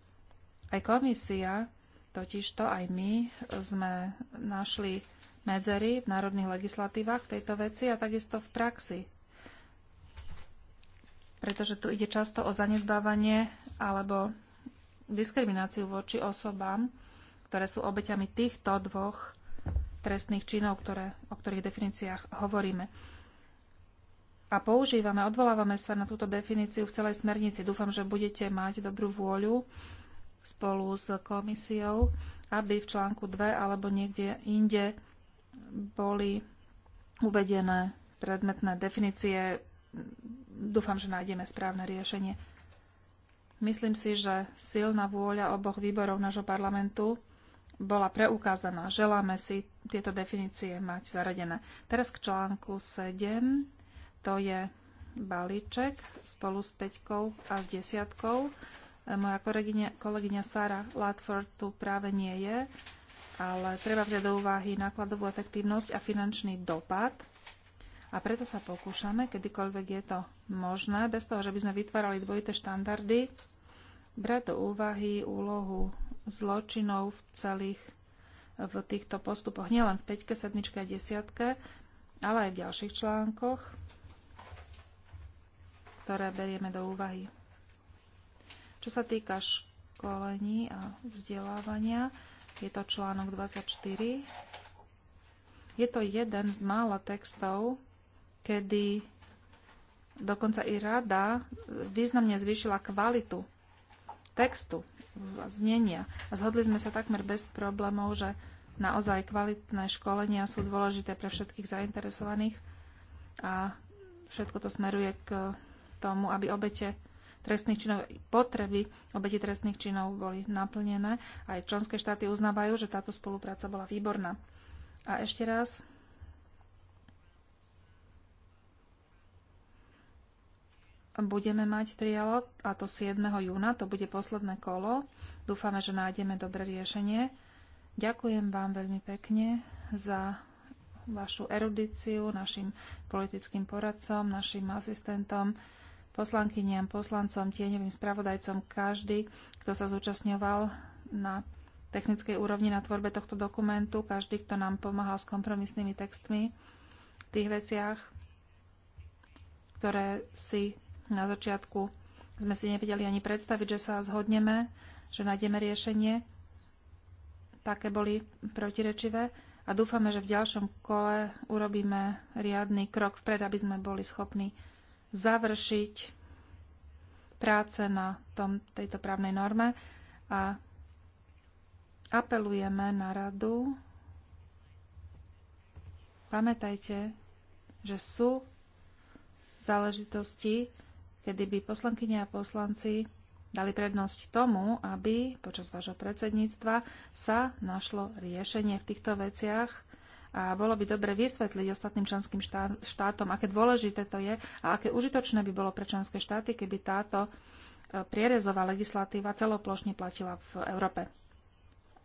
Aj komisia, totiž to, aj my sme našli medzery v národných legislatívach v tejto veci a takisto v praxi. Pretože tu ide často o zanedbávanie alebo diskrimináciu voči osobám, ktoré sú obeťami týchto dvoch trestných činov, ktoré, o ktorých definíciách hovoríme a používame, odvolávame sa na túto definíciu v celej smernici. Dúfam, že budete mať dobrú vôľu spolu s komisiou, aby v článku 2 alebo niekde inde boli uvedené predmetné definície. Dúfam, že nájdeme správne riešenie. Myslím si, že silná vôľa oboch výborov nášho parlamentu bola preukázaná. Želáme si tieto definície mať zaradené. Teraz k článku 7 to je balíček spolu s peťkou a s desiatkou. Moja kolegyňa, kolegyňa Sara Latford tu práve nie je, ale treba vziať do úvahy nákladovú efektívnosť a finančný dopad. A preto sa pokúšame, kedykoľvek je to možné, bez toho, že by sme vytvárali dvojité štandardy, brať do úvahy úlohu zločinov v celých v týchto postupoch, nielen v 5, 7 a 10, ale aj v ďalších článkoch ktoré berieme do úvahy. Čo sa týka školení a vzdelávania, je to článok 24. Je to jeden z mála textov, kedy dokonca i rada významne zvýšila kvalitu textu, znenia. A zhodli sme sa takmer bez problémov, že naozaj kvalitné školenia sú dôležité pre všetkých zainteresovaných a všetko to smeruje k tomu, aby obete trestných činov, potreby obeti trestných činov boli naplnené. Aj členské štáty uznávajú, že táto spolupráca bola výborná. A ešte raz budeme mať trialog, a to 7. júna, to bude posledné kolo. Dúfame, že nájdeme dobré riešenie. Ďakujem vám veľmi pekne za vašu erudíciu, našim politickým poradcom, našim asistentom poslankyniam, poslancom, tieňovým spravodajcom, každý, kto sa zúčastňoval na technickej úrovni na tvorbe tohto dokumentu, každý, kto nám pomáhal s kompromisnými textmi v tých veciach, ktoré si na začiatku sme si nevedeli ani predstaviť, že sa zhodneme, že nájdeme riešenie. Také boli protirečivé a dúfame, že v ďalšom kole urobíme riadny krok vpred, aby sme boli schopní završiť práce na tom, tejto právnej norme a apelujeme na radu. Pamätajte, že sú záležitosti, kedy by poslankyne a poslanci dali prednosť tomu, aby počas vášho predsedníctva sa našlo riešenie v týchto veciach a bolo by dobre vysvetliť ostatným členským štátom, aké dôležité to je a aké užitočné by bolo pre členské štáty, keby táto e, prierezová legislatíva celoplošne platila v Európe.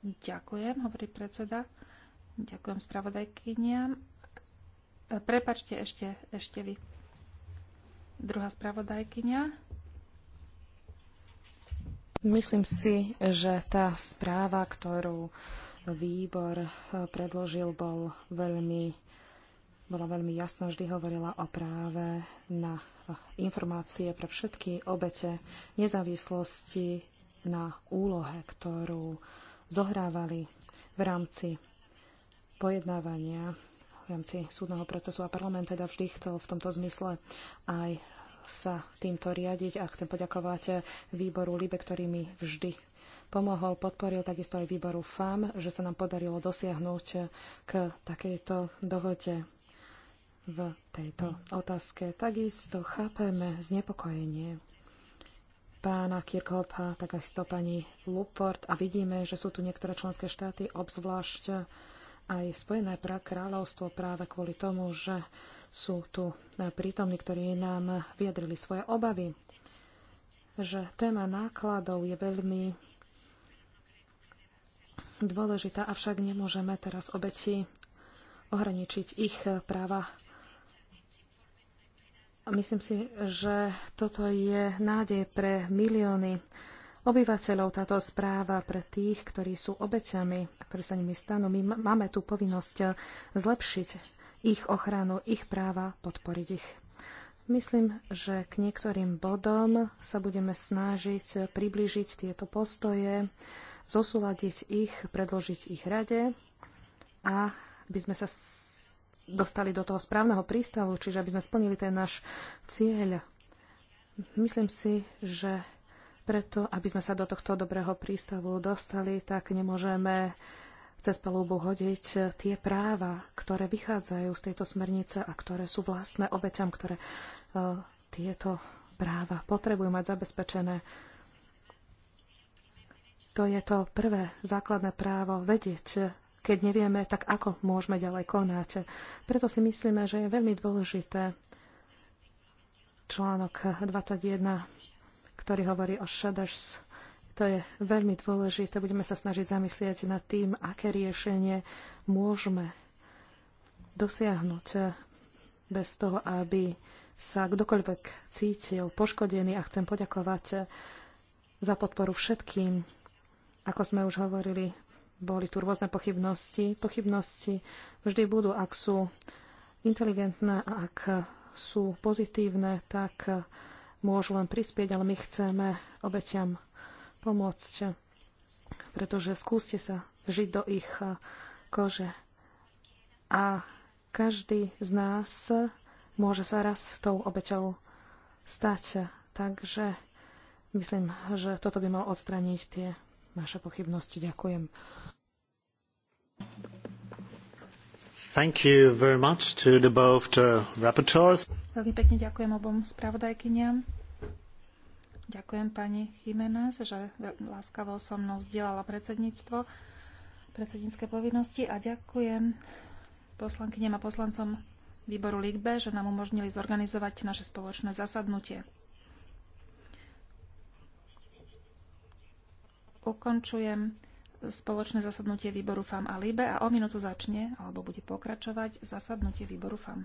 Ďakujem, hovorí predseda. Ďakujem spravodajkyniam. E, prepačte ešte, ešte vy. Druhá spravodajkynia.
Myslím si, že tá správa, ktorú výbor eh, predložil, bol veľmi, bola veľmi jasná, vždy hovorila o práve na eh, informácie pre všetky obete nezávislosti na úlohe, ktorú zohrávali v rámci pojednávania v rámci súdneho procesu a parlament teda vždy chcel v tomto zmysle aj sa týmto riadiť a chcem poďakovať eh, výboru LIBE, ktorý mi vždy pomohol, podporil takisto aj výboru FAM, že sa nám podarilo dosiahnuť k takejto dohode v tejto otázke. Takisto chápeme znepokojenie pána Kirchhoffa, takisto pani Lupford a vidíme, že sú tu niektoré členské štáty, obzvlášť aj Spojené kráľovstvo práve kvôli tomu, že sú tu prítomní, ktorí nám vyjadrili svoje obavy, že téma nákladov je veľmi dôležitá, avšak nemôžeme teraz obeti ohraničiť ich práva. Myslím si, že toto je nádej pre milióny obyvateľov táto správa pre tých, ktorí sú obeťami a ktorí sa nimi stanú. My máme tú povinnosť zlepšiť ich ochranu, ich práva, podporiť ich. Myslím, že k niektorým bodom sa budeme snažiť približiť tieto postoje zosúľadiť ich, predložiť ich rade a by sme sa dostali do toho správneho prístavu, čiže aby sme splnili ten náš cieľ. Myslím si, že preto, aby sme sa do tohto dobrého prístavu dostali, tak nemôžeme cez palúbu hodiť tie práva, ktoré vychádzajú z tejto smernice a ktoré sú vlastné obeťam, ktoré uh, tieto práva potrebujú mať zabezpečené. Uh, to je to prvé základné právo vedieť, keď nevieme, tak ako môžeme ďalej konať. Preto si myslíme, že je veľmi dôležité článok 21, ktorý hovorí o shudders. To je veľmi dôležité. Budeme sa snažiť zamyslieť nad tým, aké riešenie môžeme dosiahnuť bez toho, aby sa kdokoľvek cítil poškodený a chcem poďakovať za podporu všetkým ako sme už hovorili, boli tu rôzne pochybnosti. Pochybnosti vždy budú, ak sú inteligentné a ak sú pozitívne, tak môžu len prispieť, ale my chceme obeťam pomôcť, pretože skúste sa žiť do ich kože. A každý z nás môže sa raz tou obeťou stať. Takže myslím, že toto by mal odstraniť tie naše pochybnosti. Ďakujem.
Thank you very much to the both uh, rapporteurs.
Veľmi
pekne ďakujem obom spravodajkyniam. Ďakujem pani Jiménez, že láskavo so mnou vzdielala predsedníctvo, predsednícke povinnosti a ďakujem poslankyniam a poslancom výboru LIGBE, že nám umožnili zorganizovať naše spoločné zasadnutie. ukončujem spoločné zasadnutie výboru FAM a LIBE a o minútu začne, alebo bude pokračovať, zasadnutie výboru FAM.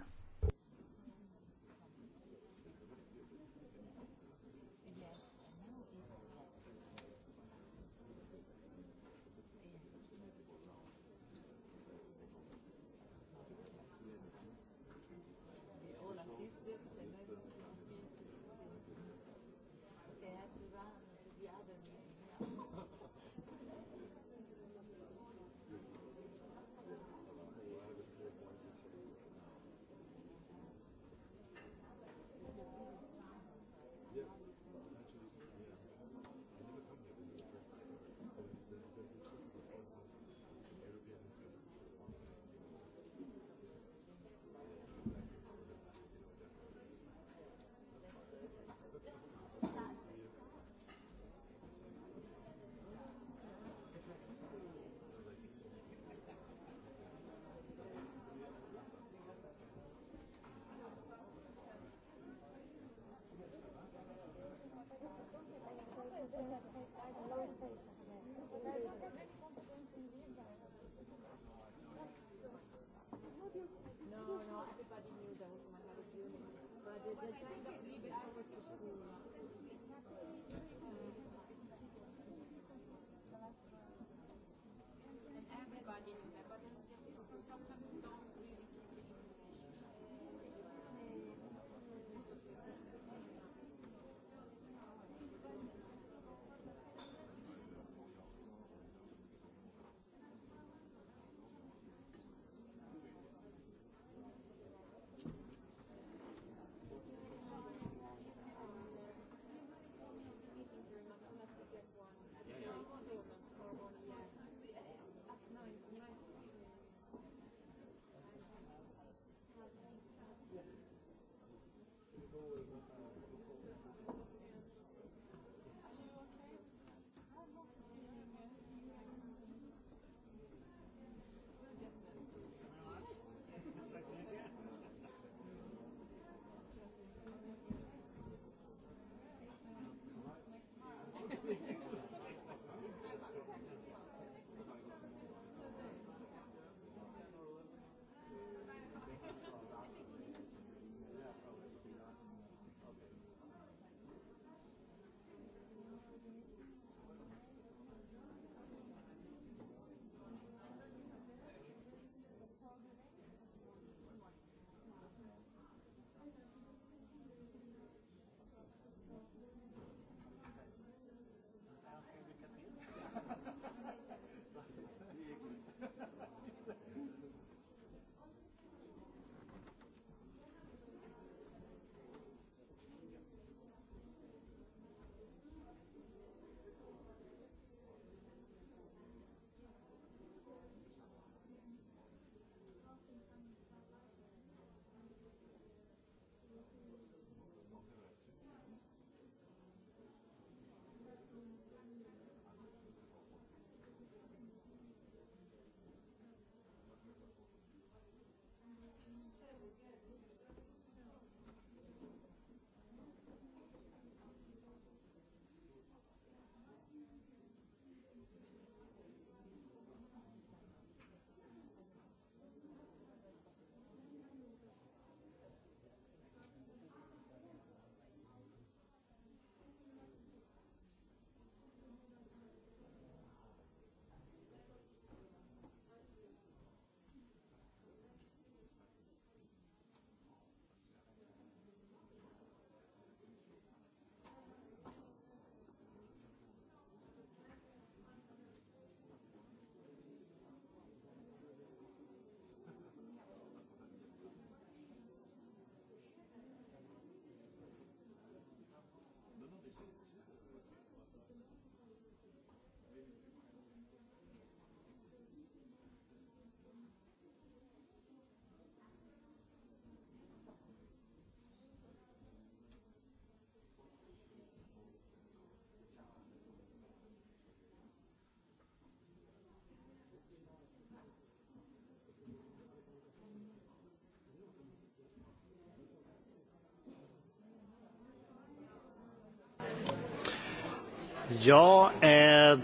Jag är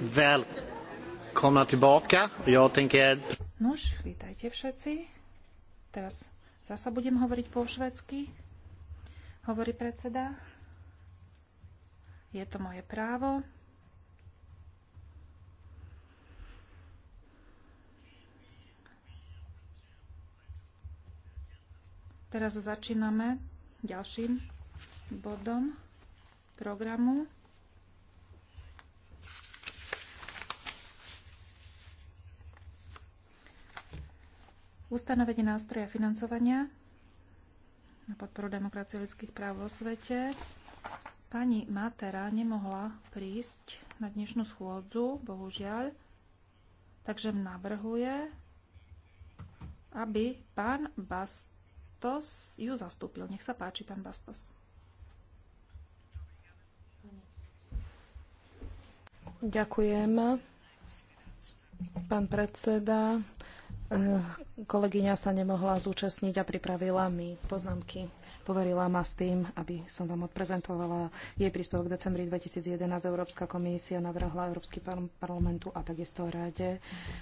välkomna tillbaka. Jag tänker...
vítajte všetci. Teraz zasa budem hovoriť po švedsky. Hovorí predseda. Je to moje právo. Teraz začíname ďalším bodom programu. Ustanovenie nástroja financovania na podporu demokracie ľudských práv vo svete. Pani Matera nemohla prísť na dnešnú schôdzu, bohužiaľ, takže navrhuje, aby pán Bastos ju zastúpil. Nech sa páči, pán Bastos.
Ďakujem. Pán predseda, eh, kolegyňa sa nemohla zúčastniť a pripravila mi poznámky. Poverila ma s tým, aby som vám odprezentovala jej príspevok v decembri 2011. Európska komisia navrhla Európsky parlamentu a takisto rade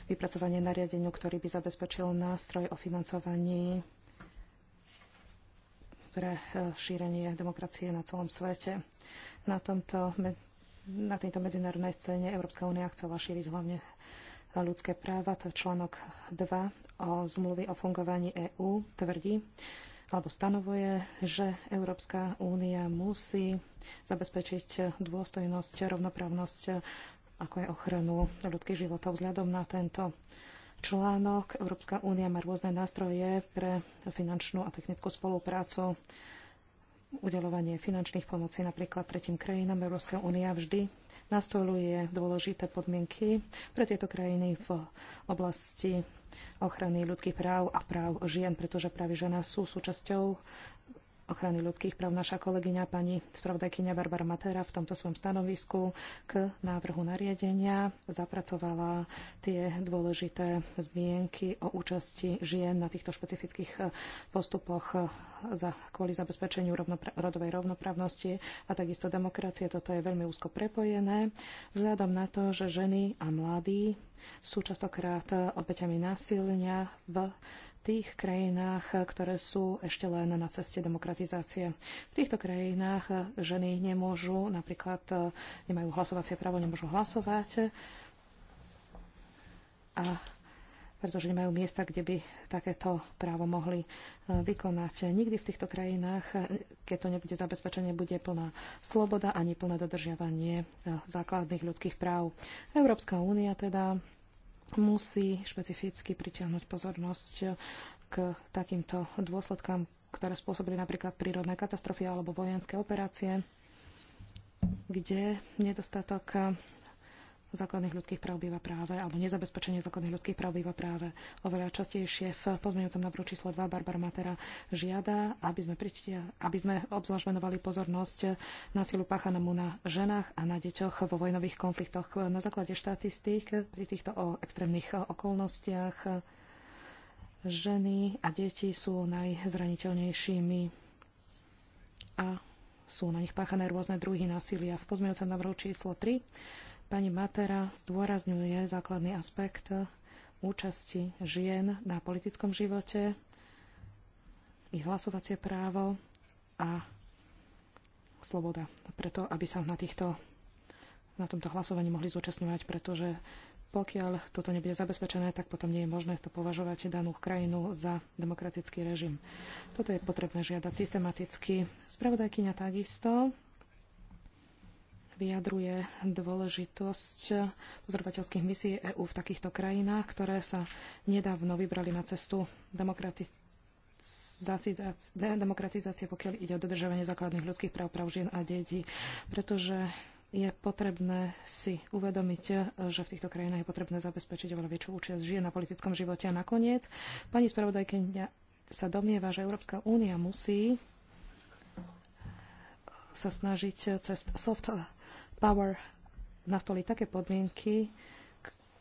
vypracovanie nariadeniu, ktorý by zabezpečil nástroj o financovaní pre eh, šírenie demokracie na celom svete. Na tomto na tejto medzinárodnej scéne Európska únia chcela šíriť hlavne ľudské práva. To je článok 2 o zmluvy o fungovaní EÚ tvrdí, alebo stanovuje, že Európska únia musí zabezpečiť dôstojnosť, rovnoprávnosť, ako je ochranu ľudských životov. Vzhľadom na tento článok Európska únia má rôzne nástroje pre finančnú a technickú spoluprácu udelovanie finančných pomoci napríklad tretím krajinám Európska únia vždy nastoluje dôležité podmienky pre tieto krajiny v oblasti ochrany ľudských práv a práv žien, pretože práve žena sú súčasťou ochrany ľudských práv naša kolegyňa pani spravodajkyňa Barbara Matera v tomto svojom stanovisku k návrhu nariadenia zapracovala tie dôležité zmienky o účasti žien na týchto špecifických eh, postupoch eh, za, kvôli zabezpečeniu rovnopra- rodovej rovnoprávnosti a takisto demokracie. Toto je veľmi úzko prepojené vzhľadom na to, že ženy a mladí sú častokrát eh, obeťami násilňa v tých krajinách, ktoré sú ešte len na ceste demokratizácie. V týchto krajinách ženy nemôžu, napríklad eh, nemajú hlasovacie právo, nemôžu hlasovať. A pretože nemajú miesta, kde by takéto právo mohli eh, vykonať. Nikdy v týchto krajinách, eh, keď to nebude zabezpečenie, bude plná sloboda ani plné dodržiavanie základných ľudských práv. Európska únia teda musí špecificky pritiahnuť pozornosť k takýmto dôsledkám, ktoré spôsobili napríklad prírodné katastrofy alebo vojenské operácie, kde nedostatok základných ľudských práv býva práve, alebo nezabezpečenie základných ľudských práv býva práve oveľa častejšie v pozmeňujúcom návrhu číslo 2 Barbara Matera žiada, aby sme, pritia, aby sme obzvlášť venovali pozornosť násilu páchanému na ženách a na deťoch vo vojnových konfliktoch. Na základe štatistík pri týchto o extrémnych okolnostiach ženy a deti sú najzraniteľnejšími a sú na nich páchané rôzne druhy násilia. V pozmeňujúcom návrhu číslo 3 Pani Matera zdôrazňuje základný aspekt účasti žien na politickom živote, ich hlasovacie právo a sloboda. Preto, aby sa na, týchto, na tomto hlasovaní mohli zúčastňovať, pretože pokiaľ toto nebude zabezpečené, tak potom nie je možné to považovať danú krajinu za demokratický režim. Toto je potrebné žiadať systematicky. Spravodajkyňa takisto vyjadruje dôležitosť pozorovateľských misií EÚ v takýchto krajinách, ktoré sa nedávno vybrali na cestu demokratizácie, pokiaľ ide o dodržovanie základných ľudských práv, práv žien a detí. Pretože je potrebné si uvedomiť, že v týchto krajinách je potrebné zabezpečiť oveľa väčšiu účasť žien na politickom živote. A nakoniec, pani spravodajkyňa sa domnieva, že Európska únia musí sa snažiť cez soft Power nastoli také podmienky,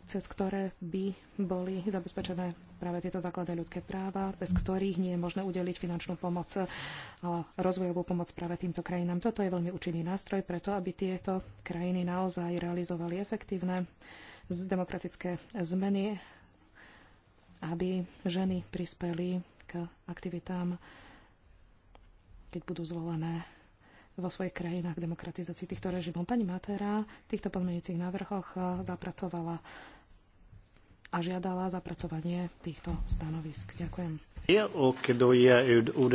cez ktoré by boli zabezpečené práve tieto základné ľudské práva, bez ktorých nie je možné udeliť finančnú pomoc a rozvojovú pomoc práve týmto krajinám. Toto je veľmi účinný nástroj preto, aby tieto krajiny naozaj realizovali efektívne demokratické zmeny, aby ženy prispeli k aktivitám, keď budú zvolené vo svojich krajinách demokratizácii týchto režimov. Pani Matera v týchto podmienujúcich návrhoch eh, zapracovala a žiadala zapracovanie týchto stanovisk. Ďakujem.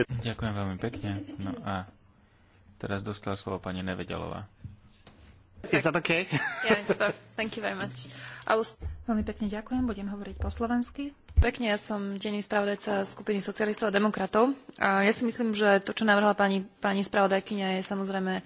Ďakujem veľmi pekne. No a teraz dostala slovo pani Nevedelová. Is that okay? yeah,
Thank you very much. I was... Veľmi pekne ďakujem, budem hovoriť po slovensky. Pekne, ja som denný spravodajca skupiny socialistov a demokratov. Ja si myslím, že to, čo navrhla pani, pani spravodajkyňa, je samozrejme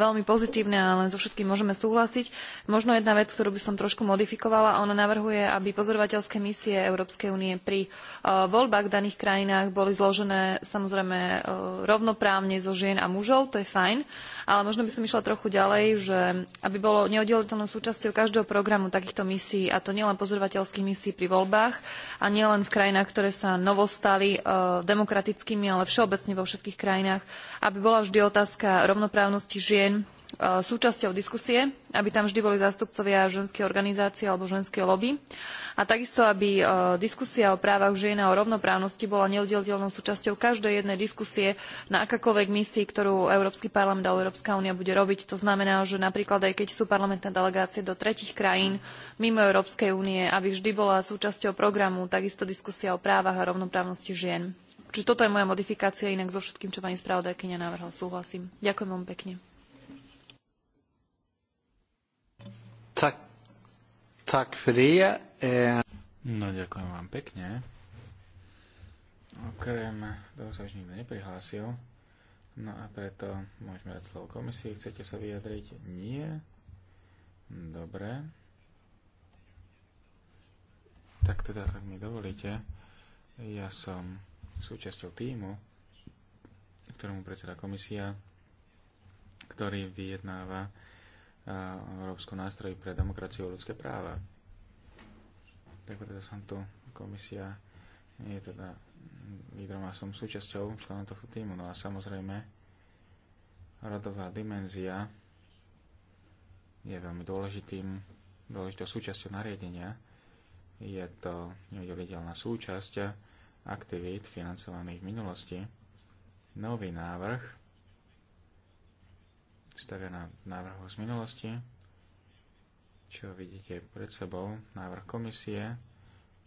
veľmi pozitívne a len so všetkým môžeme súhlasiť. Možno jedna vec, ktorú by som trošku modifikovala, ona navrhuje, aby pozorovateľské misie Európskej únie pri voľbách v daných krajinách boli zložené samozrejme rovnoprávne zo žien a mužov, to je fajn, ale možno by som išla trochu ďalej, že aby bolo neoddeliteľnou súčasťou každého programu takýchto misií, a to nielen pozorovateľských misií pri voľbách, a nielen v krajinách, ktoré sa novo stali e, demokratickými, ale všeobecne vo všetkých krajinách, aby bola vždy otázka rovnoprávnosti žien Eh, súčasťou diskusie, aby tam vždy boli zástupcovia ženských organizácií alebo ženské lobby a takisto, aby eh, diskusia o právach žien a o rovnoprávnosti bola neoddeliteľnou súčasťou každej jednej diskusie na akákoľvek misii, ktorú Európsky parlament alebo Európska únia bude robiť. To znamená, že napríklad aj keď sú parlamentné delegácie do tretích krajín mimo Európskej únie, aby vždy bola súčasťou programu takisto diskusia o právach a rovnoprávnosti žien. Čiže toto je moja modifikácia, inak so všetkým, čo pani spravodajkyňa navrhla, súhlasím. Ďakujem veľmi pekne.
Tak frie. Eh. No ďakujem vám pekne. Okrem toho sa už nikto neprihlásil. No a preto môžeme dať slovo komisii. Chcete sa vyjadriť? Nie. Dobre. Tak teda, ak mi dovolíte, ja som súčasťou týmu, ktorému predseda komisia, ktorý vyjednáva Európskom nástroji pre demokraciu a ľudské práva. Tak preto som tu, komisia je teda výdrom a som súčasťou členom tohto týmu. No a samozrejme, rodová dimenzia je veľmi dôležitým, dôležitou súčasťou nariadenia. Je to neudeliteľná súčasť aktivít financovaných v minulosti. Nový návrh stavia na návrhu z minulosti, čo vidíte pred sebou, návrh komisie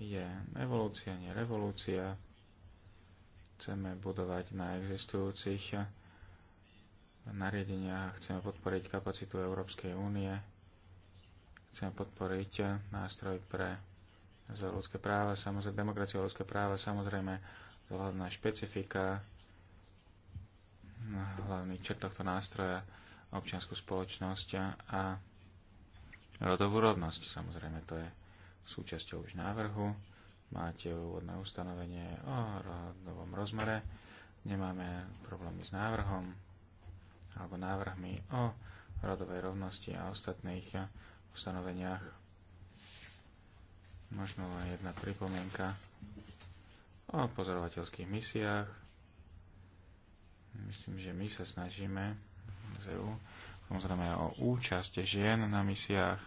je evolúcia, nie revolúcia. Chceme budovať na existujúcich nariadeniach, chceme podporiť kapacitu Európskej únie, chceme podporiť nástroj pre ľudské práva, samozrejme demokracia ľudské práva, samozrejme zohľadná špecifika, hlavný črt tohto nástroja občianskú spoločnosť a rodovú rovnosť. Samozrejme, to je súčasťou už návrhu. Máte úvodné ustanovenie o rodovom rozmere. Nemáme problémy s návrhom alebo návrhmi o rodovej rovnosti a ostatných ustanoveniach. Možno len jedna pripomienka o pozorovateľských misiách. Myslím, že my sa snažíme z EU, samozrejme o účasť žien na misiách,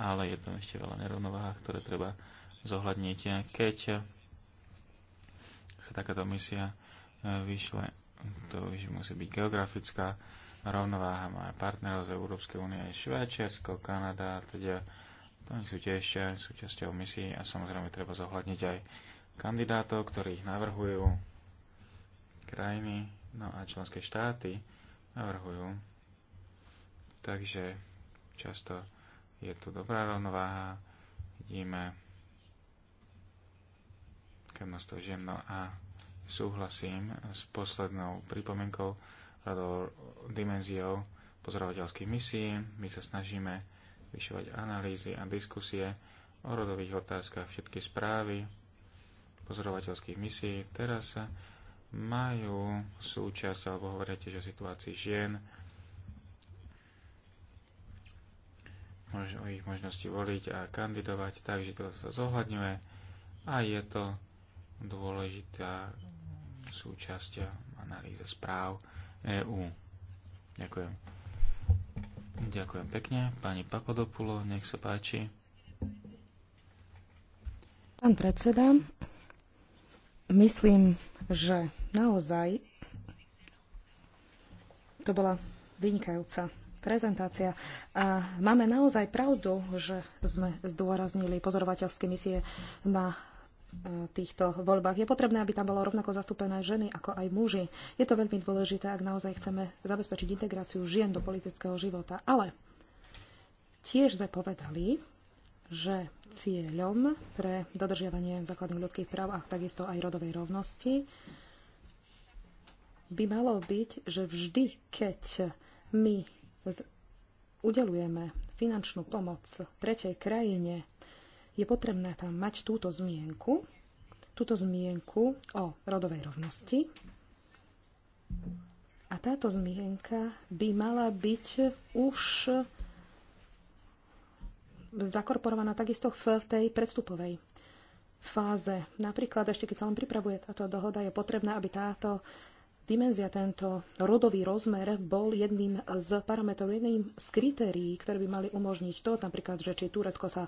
ale je tam ešte veľa nerovnováh, ktoré treba zohľadniť, keď sa takáto misia e, vyšle. To už musí byť geografická rovnováha. má partnerov z Európskej únie, Švajčiarsko, Kanada, teda to sú tiež súčasťou misií a samozrejme treba zohľadniť aj kandidátov, ktorých navrhujú krajiny, no a členské štáty navrhujú. Takže často je tu dobrá rovnováha, vidíme keď množstvo žien. No a súhlasím s poslednou pripomienkou radou dimenziou pozorovateľských misií. My sa snažíme vyšovať analýzy a diskusie o rodových otázkach všetky správy pozorovateľských misií. Teraz sa majú súčasť, alebo hovoríte, že situácii žien, o ich možnosti voliť a kandidovať, takže to sa zohľadňuje a je to dôležitá súčasť analýze správ EÚ. Ďakujem. Ďakujem pekne. Pani Papadopulo, nech sa páči.
Pán predseda, Myslím, že naozaj to bola vynikajúca prezentácia. A máme naozaj pravdu, že sme zdôraznili pozorovateľské misie na e, týchto voľbách. Je potrebné, aby tam bolo rovnako zastúpené ženy ako aj muži. Je to veľmi dôležité, ak naozaj chceme zabezpečiť integráciu žien do politického života. Ale tiež sme povedali, že cieľom pre dodržiavanie základných ľudských práv a takisto aj rodovej rovnosti by malo byť, že vždy, keď my udelujeme finančnú pomoc tretej krajine, je potrebné tam mať túto zmienku, túto zmienku o rodovej rovnosti. A táto zmienka by mala byť už zakorporovaná takisto v tej predstupovej fáze. Napríklad, ešte keď sa len pripravuje táto dohoda, je potrebné, aby táto dimenzia, tento rodový rozmer bol jedným z parametrov, jedným z kritérií, ktoré by mali umožniť to, napríklad, že či Turecko sa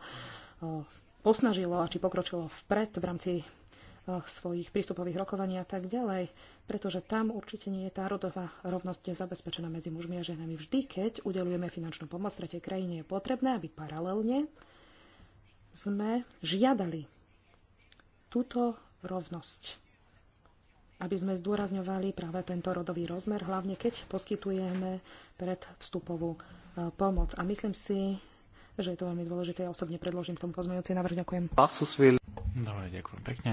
posnažilo a či pokročilo vpred v rámci svojich prístupových rokovaní a tak ďalej pretože tam určite nie je tá rodová rovnosť zabezpečená medzi mužmi a ženami. Vždy, keď udelujeme finančnú pomoc tretej krajine, je potrebné, aby paralelne sme žiadali túto rovnosť aby sme zdôrazňovali práve tento rodový rozmer, hlavne keď poskytujeme predvstupovú e, pomoc. A myslím si, že je to veľmi dôležité. Ja osobne predložím tomu pozmeňujúci návrh. Ďakujem.
Dobre, ďakujem pekne.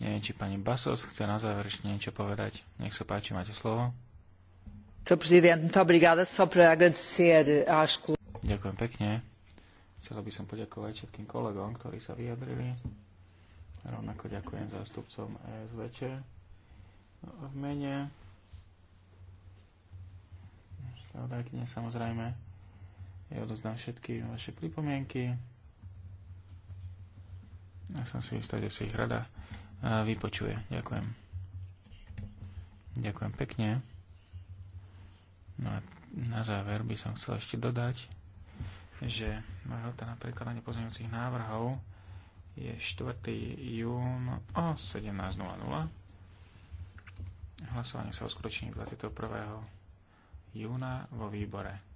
Neviem, či pani Basos chce na záver ešte niečo povedať. Nech sa páči, máte slovo. Eh, ďakujem pekne. Chcela by som poďakovať všetkým kolegom, ktorí sa vyjadrili. Rovnako ďakujem zástupcom ESVČ no, v mene. Spravodajkyne samozrejme. Ja odozdám všetky vaše pripomienky. Ja som si istá, že si ich rada vypočuje. Ďakujem. Ďakujem pekne. No a na záver by som chcel ešte dodať, že lehota na prekladanie pozmeňujúcich návrhov je 4. jún o 17.00. Hlasovanie sa uskutoční 21. júna vo výbore.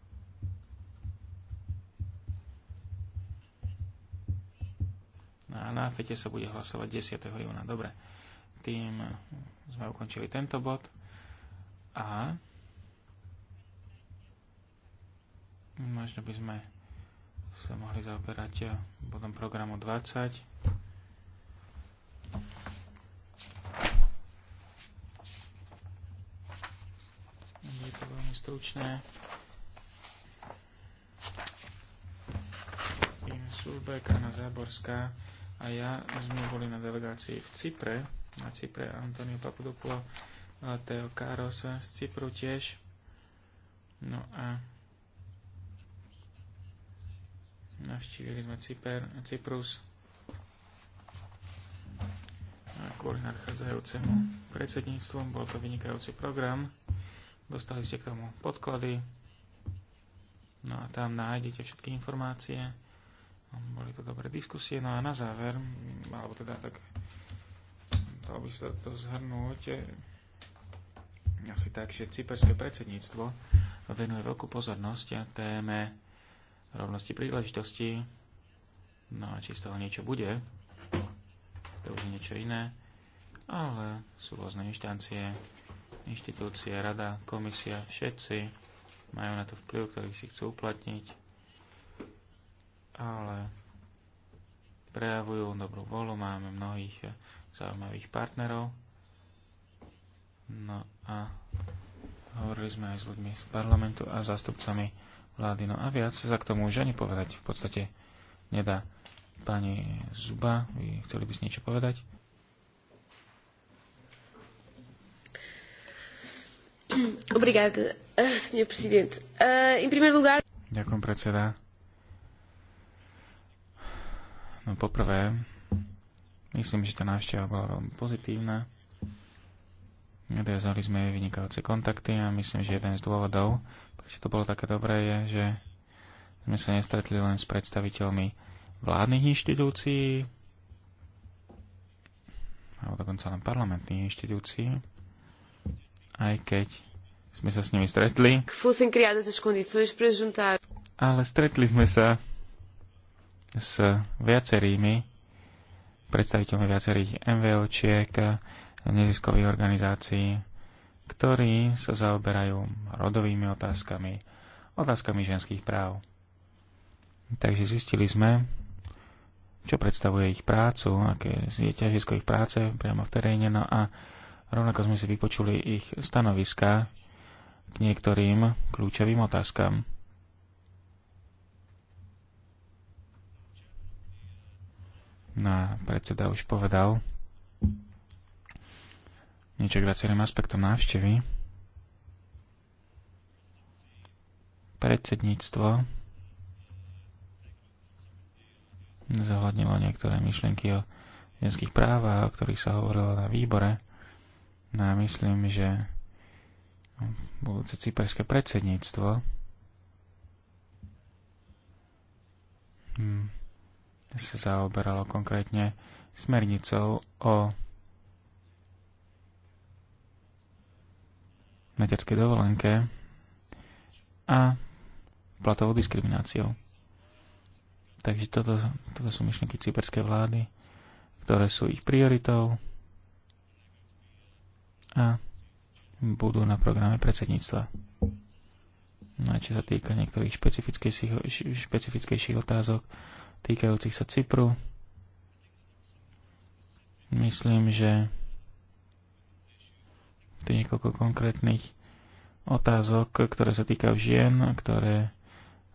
A na FETE sa bude hlasovať 10. júna. Dobre, tým sme ukončili tento bod. A možno by sme sa mohli zaoberať bodom programu 20. Je to veľmi stručné. Insulbek, Anna Záborská a ja sme boli na delegácii v Cypre, na Cypre Antonio Papadopulo, Teo Karos z Cypru tiež. No a navštívili sme Cyper, Cyprus a kvôli nadchádzajúcemu predsedníctvom. Bol to vynikajúci program. Dostali ste k tomu podklady. No a tam nájdete všetky informácie. Boli to dobré diskusie. No a na záver, alebo teda tak, dalo by sa to zhrnúť e, asi tak, že cyperské predsedníctvo venuje veľkú pozornosť téme rovnosti príležitosti. No a či z toho niečo bude, to už je niečo iné, ale sú rôzne inštancie, inštitúcie, rada, komisia, všetci majú na to vplyv, ktorých si chcú uplatniť ale prejavujú dobrú volu máme mnohých zaujímavých partnerov. No a hovorili sme aj s ľuďmi z parlamentu a zástupcami vlády. No a viac sa k tomu už ani povedať v podstate nedá. Pani Zuba, vy chceli by ste niečo povedať?
Obrigada, senhor presidente. Uh, em primeiro lugar...
Ďakujem, predseda. No poprvé, myslím, že tá návšteva bola veľmi pozitívna. Nadviazali sme vynikajúce kontakty a myslím, že jeden z dôvodov, prečo to bolo také dobré, je, že sme sa nestretli len s predstaviteľmi vládnych inštitúcií, alebo dokonca len parlamentných inštitúcií, aj keď sme sa s nimi stretli. Ale stretli sme sa s viacerými predstaviteľmi viacerých MVOčiek, neziskových organizácií, ktorí sa zaoberajú rodovými otázkami, otázkami ženských práv. Takže zistili sme, čo predstavuje ich prácu, aké je ťažisko ich práce priamo v teréne, no a rovnako sme si vypočuli ich stanoviska k niektorým kľúčovým otázkam. No predseda už povedal niečo k viacerým aspektom návštevy. Predsedníctvo zohľadnilo niektoré myšlienky o ženských právach, o ktorých sa hovorilo na výbore. No a myslím, že budúce cyperské predsedníctvo hmm sa zaoberalo konkrétne smernicou o materskej dovolenke a platovou diskrimináciou. Takže toto, toto sú myšlienky cyperskej vlády, ktoré sú ich prioritou a budú na programe predsedníctva. No a čo sa týka niektorých špecifickejších, špecifickejších otázok, týkajúcich sa Cypru. Myslím, že tu niekoľko konkrétnych otázok, ktoré sa týkajú žien, ktoré,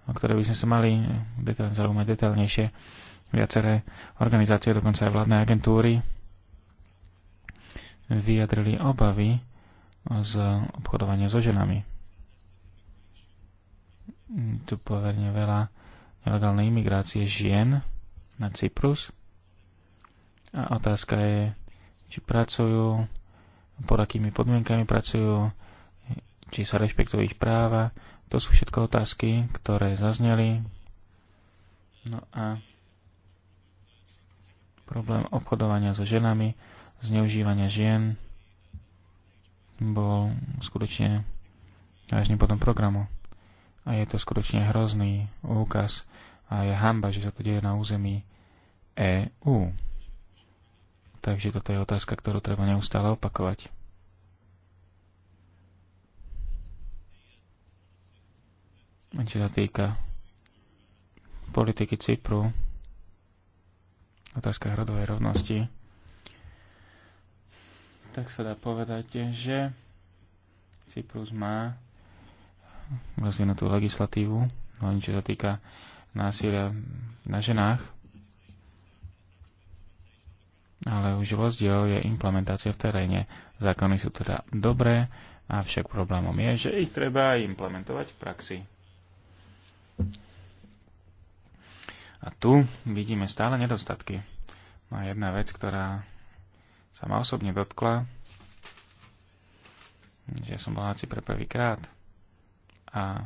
o ktoré by sme sa mali detail, zaujímať detailnejšie. Viaceré organizácie, dokonca aj vládne agentúry, vyjadrili obavy z obchodovania so ženami. Tu poverne veľa nelegálnej imigrácie žien na Cyprus. A otázka je, či pracujú, pod akými podmienkami pracujú, či sa rešpektujú ich práva. To sú všetko otázky, ktoré zazneli. No a problém obchodovania so ženami, zneužívania žien bol skutočne vážne potom programu. A je to skutočne hrozný úkaz a je hamba, že sa to deje na území EÚ. Takže toto je otázka, ktorú treba neustále opakovať. čo sa týka politiky Cypru, otázka hrodovej rovnosti, tak sa dá povedať, že Cyprus má rozvinutú legislatívu, hlavne čo sa týka násilia na ženách. Ale už rozdiel je implementácia v teréne. Zákony sú teda dobré, avšak problémom je, že ich treba implementovať v praxi. A tu vidíme stále nedostatky. No a jedna vec, ktorá sa ma osobne dotkla, že som bol asi pre prvýkrát, a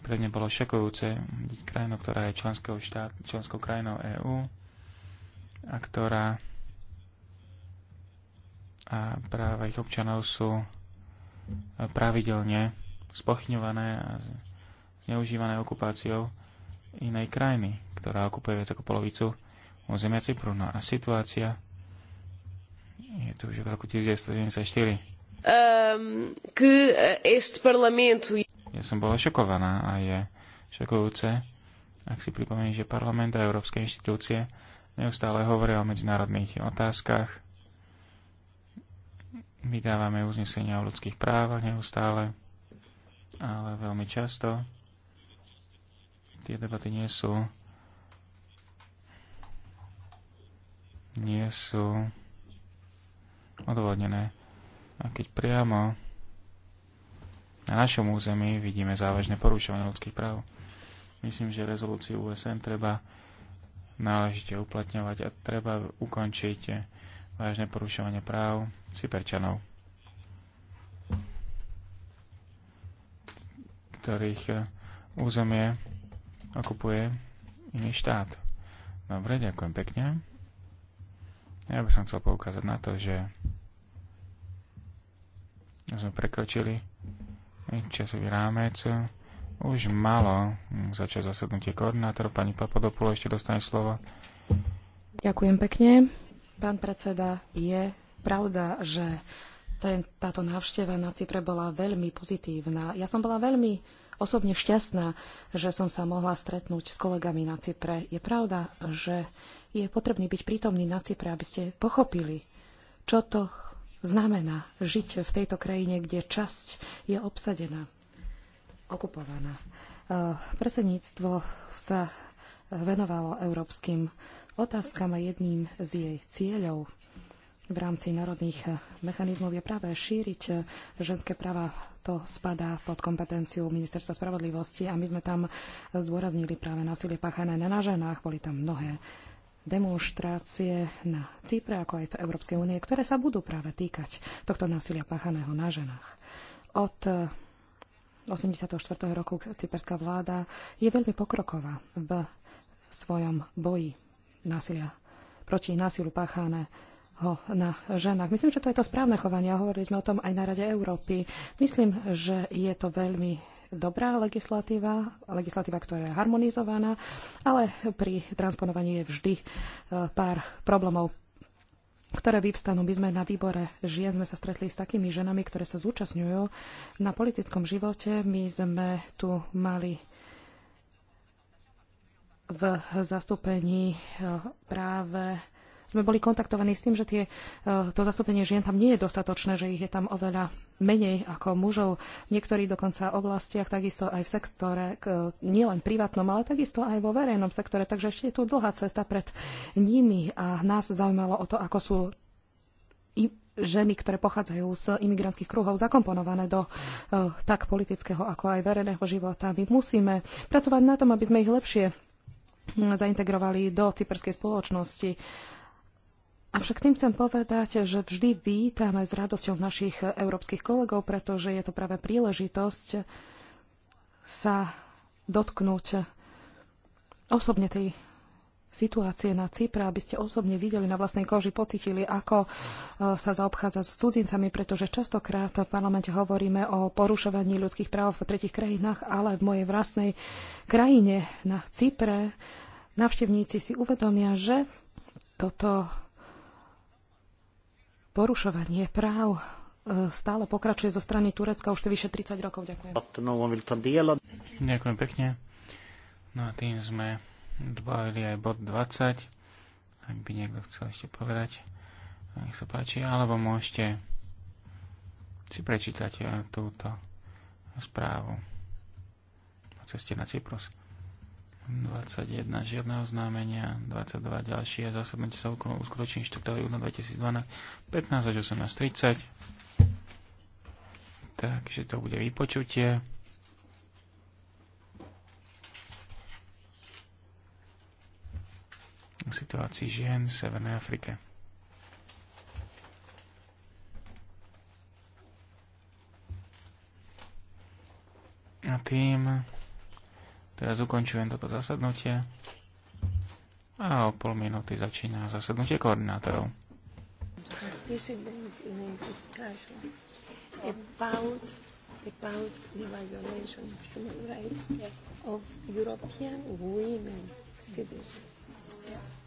pre mňa bolo šokujúce vidieť krajinu, ktorá je členskou, štát, členskou krajinou EÚ a ktorá a práva ich občanov sú pravidelne spochňované a zneužívané okupáciou inej krajiny, ktorá okupuje viac ako polovicu územia Cypru. No a situácia je to už od roku 1974. Um, ehm,
que eh, este e-
Ja som bola šokovaná a je šokujúce, ak si pripomeniem, že parlament a európske inštitúcie neustále hovoria o medzinárodných otázkach, vydávame uznesenia o ľudských právach neustále, ale veľmi často tie debaty nie sú nie sú odvodnené. A keď priamo na našom území vidíme závažné porušovanie ľudských práv, myslím, že rezolúciu USN treba náležite uplatňovať a treba ukončiť vážne porušovanie práv Cyperčanov, ktorých územie okupuje iný štát. Dobre, ďakujem pekne. Ja by som chcel poukázať na to, že sme prekročili časový rámec. Už malo začať zasadnutie koordinátor. Pani Papadopulo ešte dostane slovo.
Ďakujem pekne. Pán predseda, je pravda, že ten, táto návšteva na Cypre bola veľmi pozitívna. Ja som bola veľmi osobne šťastná, že som sa mohla stretnúť s kolegami na Cypre. Je pravda, že je potrebný byť prítomný na Cypre, aby ste pochopili, čo to znamená žiť v tejto krajine, kde časť je obsadená, okupovaná. E, predsedníctvo sa venovalo európskym otázkam a jedným z jej cieľov v rámci národných mechanizmov je práve šíriť ženské práva. To spadá pod kompetenciu Ministerstva spravodlivosti a my sme tam zdôraznili práve násilie páchané na ženách. Boli tam mnohé demonstrácie na Cypre, ako aj v Európskej únie, ktoré sa budú práve týkať tohto násilia páchaného na ženách. Od 84. Eh, roku cyperská vláda je veľmi pokroková v svojom boji násilia, proti násilu páchaného na ženách. Myslím, že to je to správne chovanie. Hovorili sme o tom aj na Rade Európy. Myslím, že je to veľmi dobrá legislatíva, legislatíva, ktorá je harmonizovaná, ale pri transponovaní je vždy e, pár problémov ktoré vyvstanú. My sme na výbore žien sme sa stretli s takými ženami, ktoré sa zúčastňujú na politickom živote. My sme tu mali v zastúpení e, práve sme boli kontaktovaní s tým, že tie, eh, to zastúpenie žien tam nie je dostatočné, že ich je tam oveľa menej ako mužov. V niektorých dokonca oblastiach, takisto aj v sektore, eh, nielen privátnom, ale takisto aj vo verejnom sektore. Takže ešte je tu dlhá cesta pred nimi a nás zaujímalo o to, ako sú ženy, ktoré pochádzajú z imigrantských kruhov, zakomponované do uh, tak politického, ako aj verejného života. My musíme pracovať na tom, aby sme ich lepšie hm, zaintegrovali do cyperskej spoločnosti Avšak tým chcem povedať, že vždy vítame s radosťou našich európskych kolegov, pretože je to práve príležitosť sa dotknúť osobne tej situácie na Cypre, aby ste osobne videli na vlastnej koži, pocitili, ako e, sa zaobchádza s cudzincami, pretože častokrát v parlamente hovoríme o porušovaní ľudských práv v tretich krajinách, ale v mojej vlastnej krajine na Cypre návštevníci si uvedomia, že toto porušovanie práv e, stále pokračuje zo strany Turecka už vyše 30 rokov. Ďakujem.
Ďakujem pekne. No a tým sme dbavili aj bod 20. Ak by niekto chcel ešte povedať, nech sa páči, alebo môžete si prečítať e, túto správu o ceste na Cyprus. 21, žiadneho známenia, 22 ďalšie, zasadnutie sa uskutoční 4. júna 2012, 15 až 18.30. Takže to bude vypočutie. V situácii žien v Severnej Afrike. A tým Teraz ukončujem toto zasadnutie a o pol minúty začína zasadnutie koordinátorov.
about, about the violation of human rights of European
women citizens. Yeah.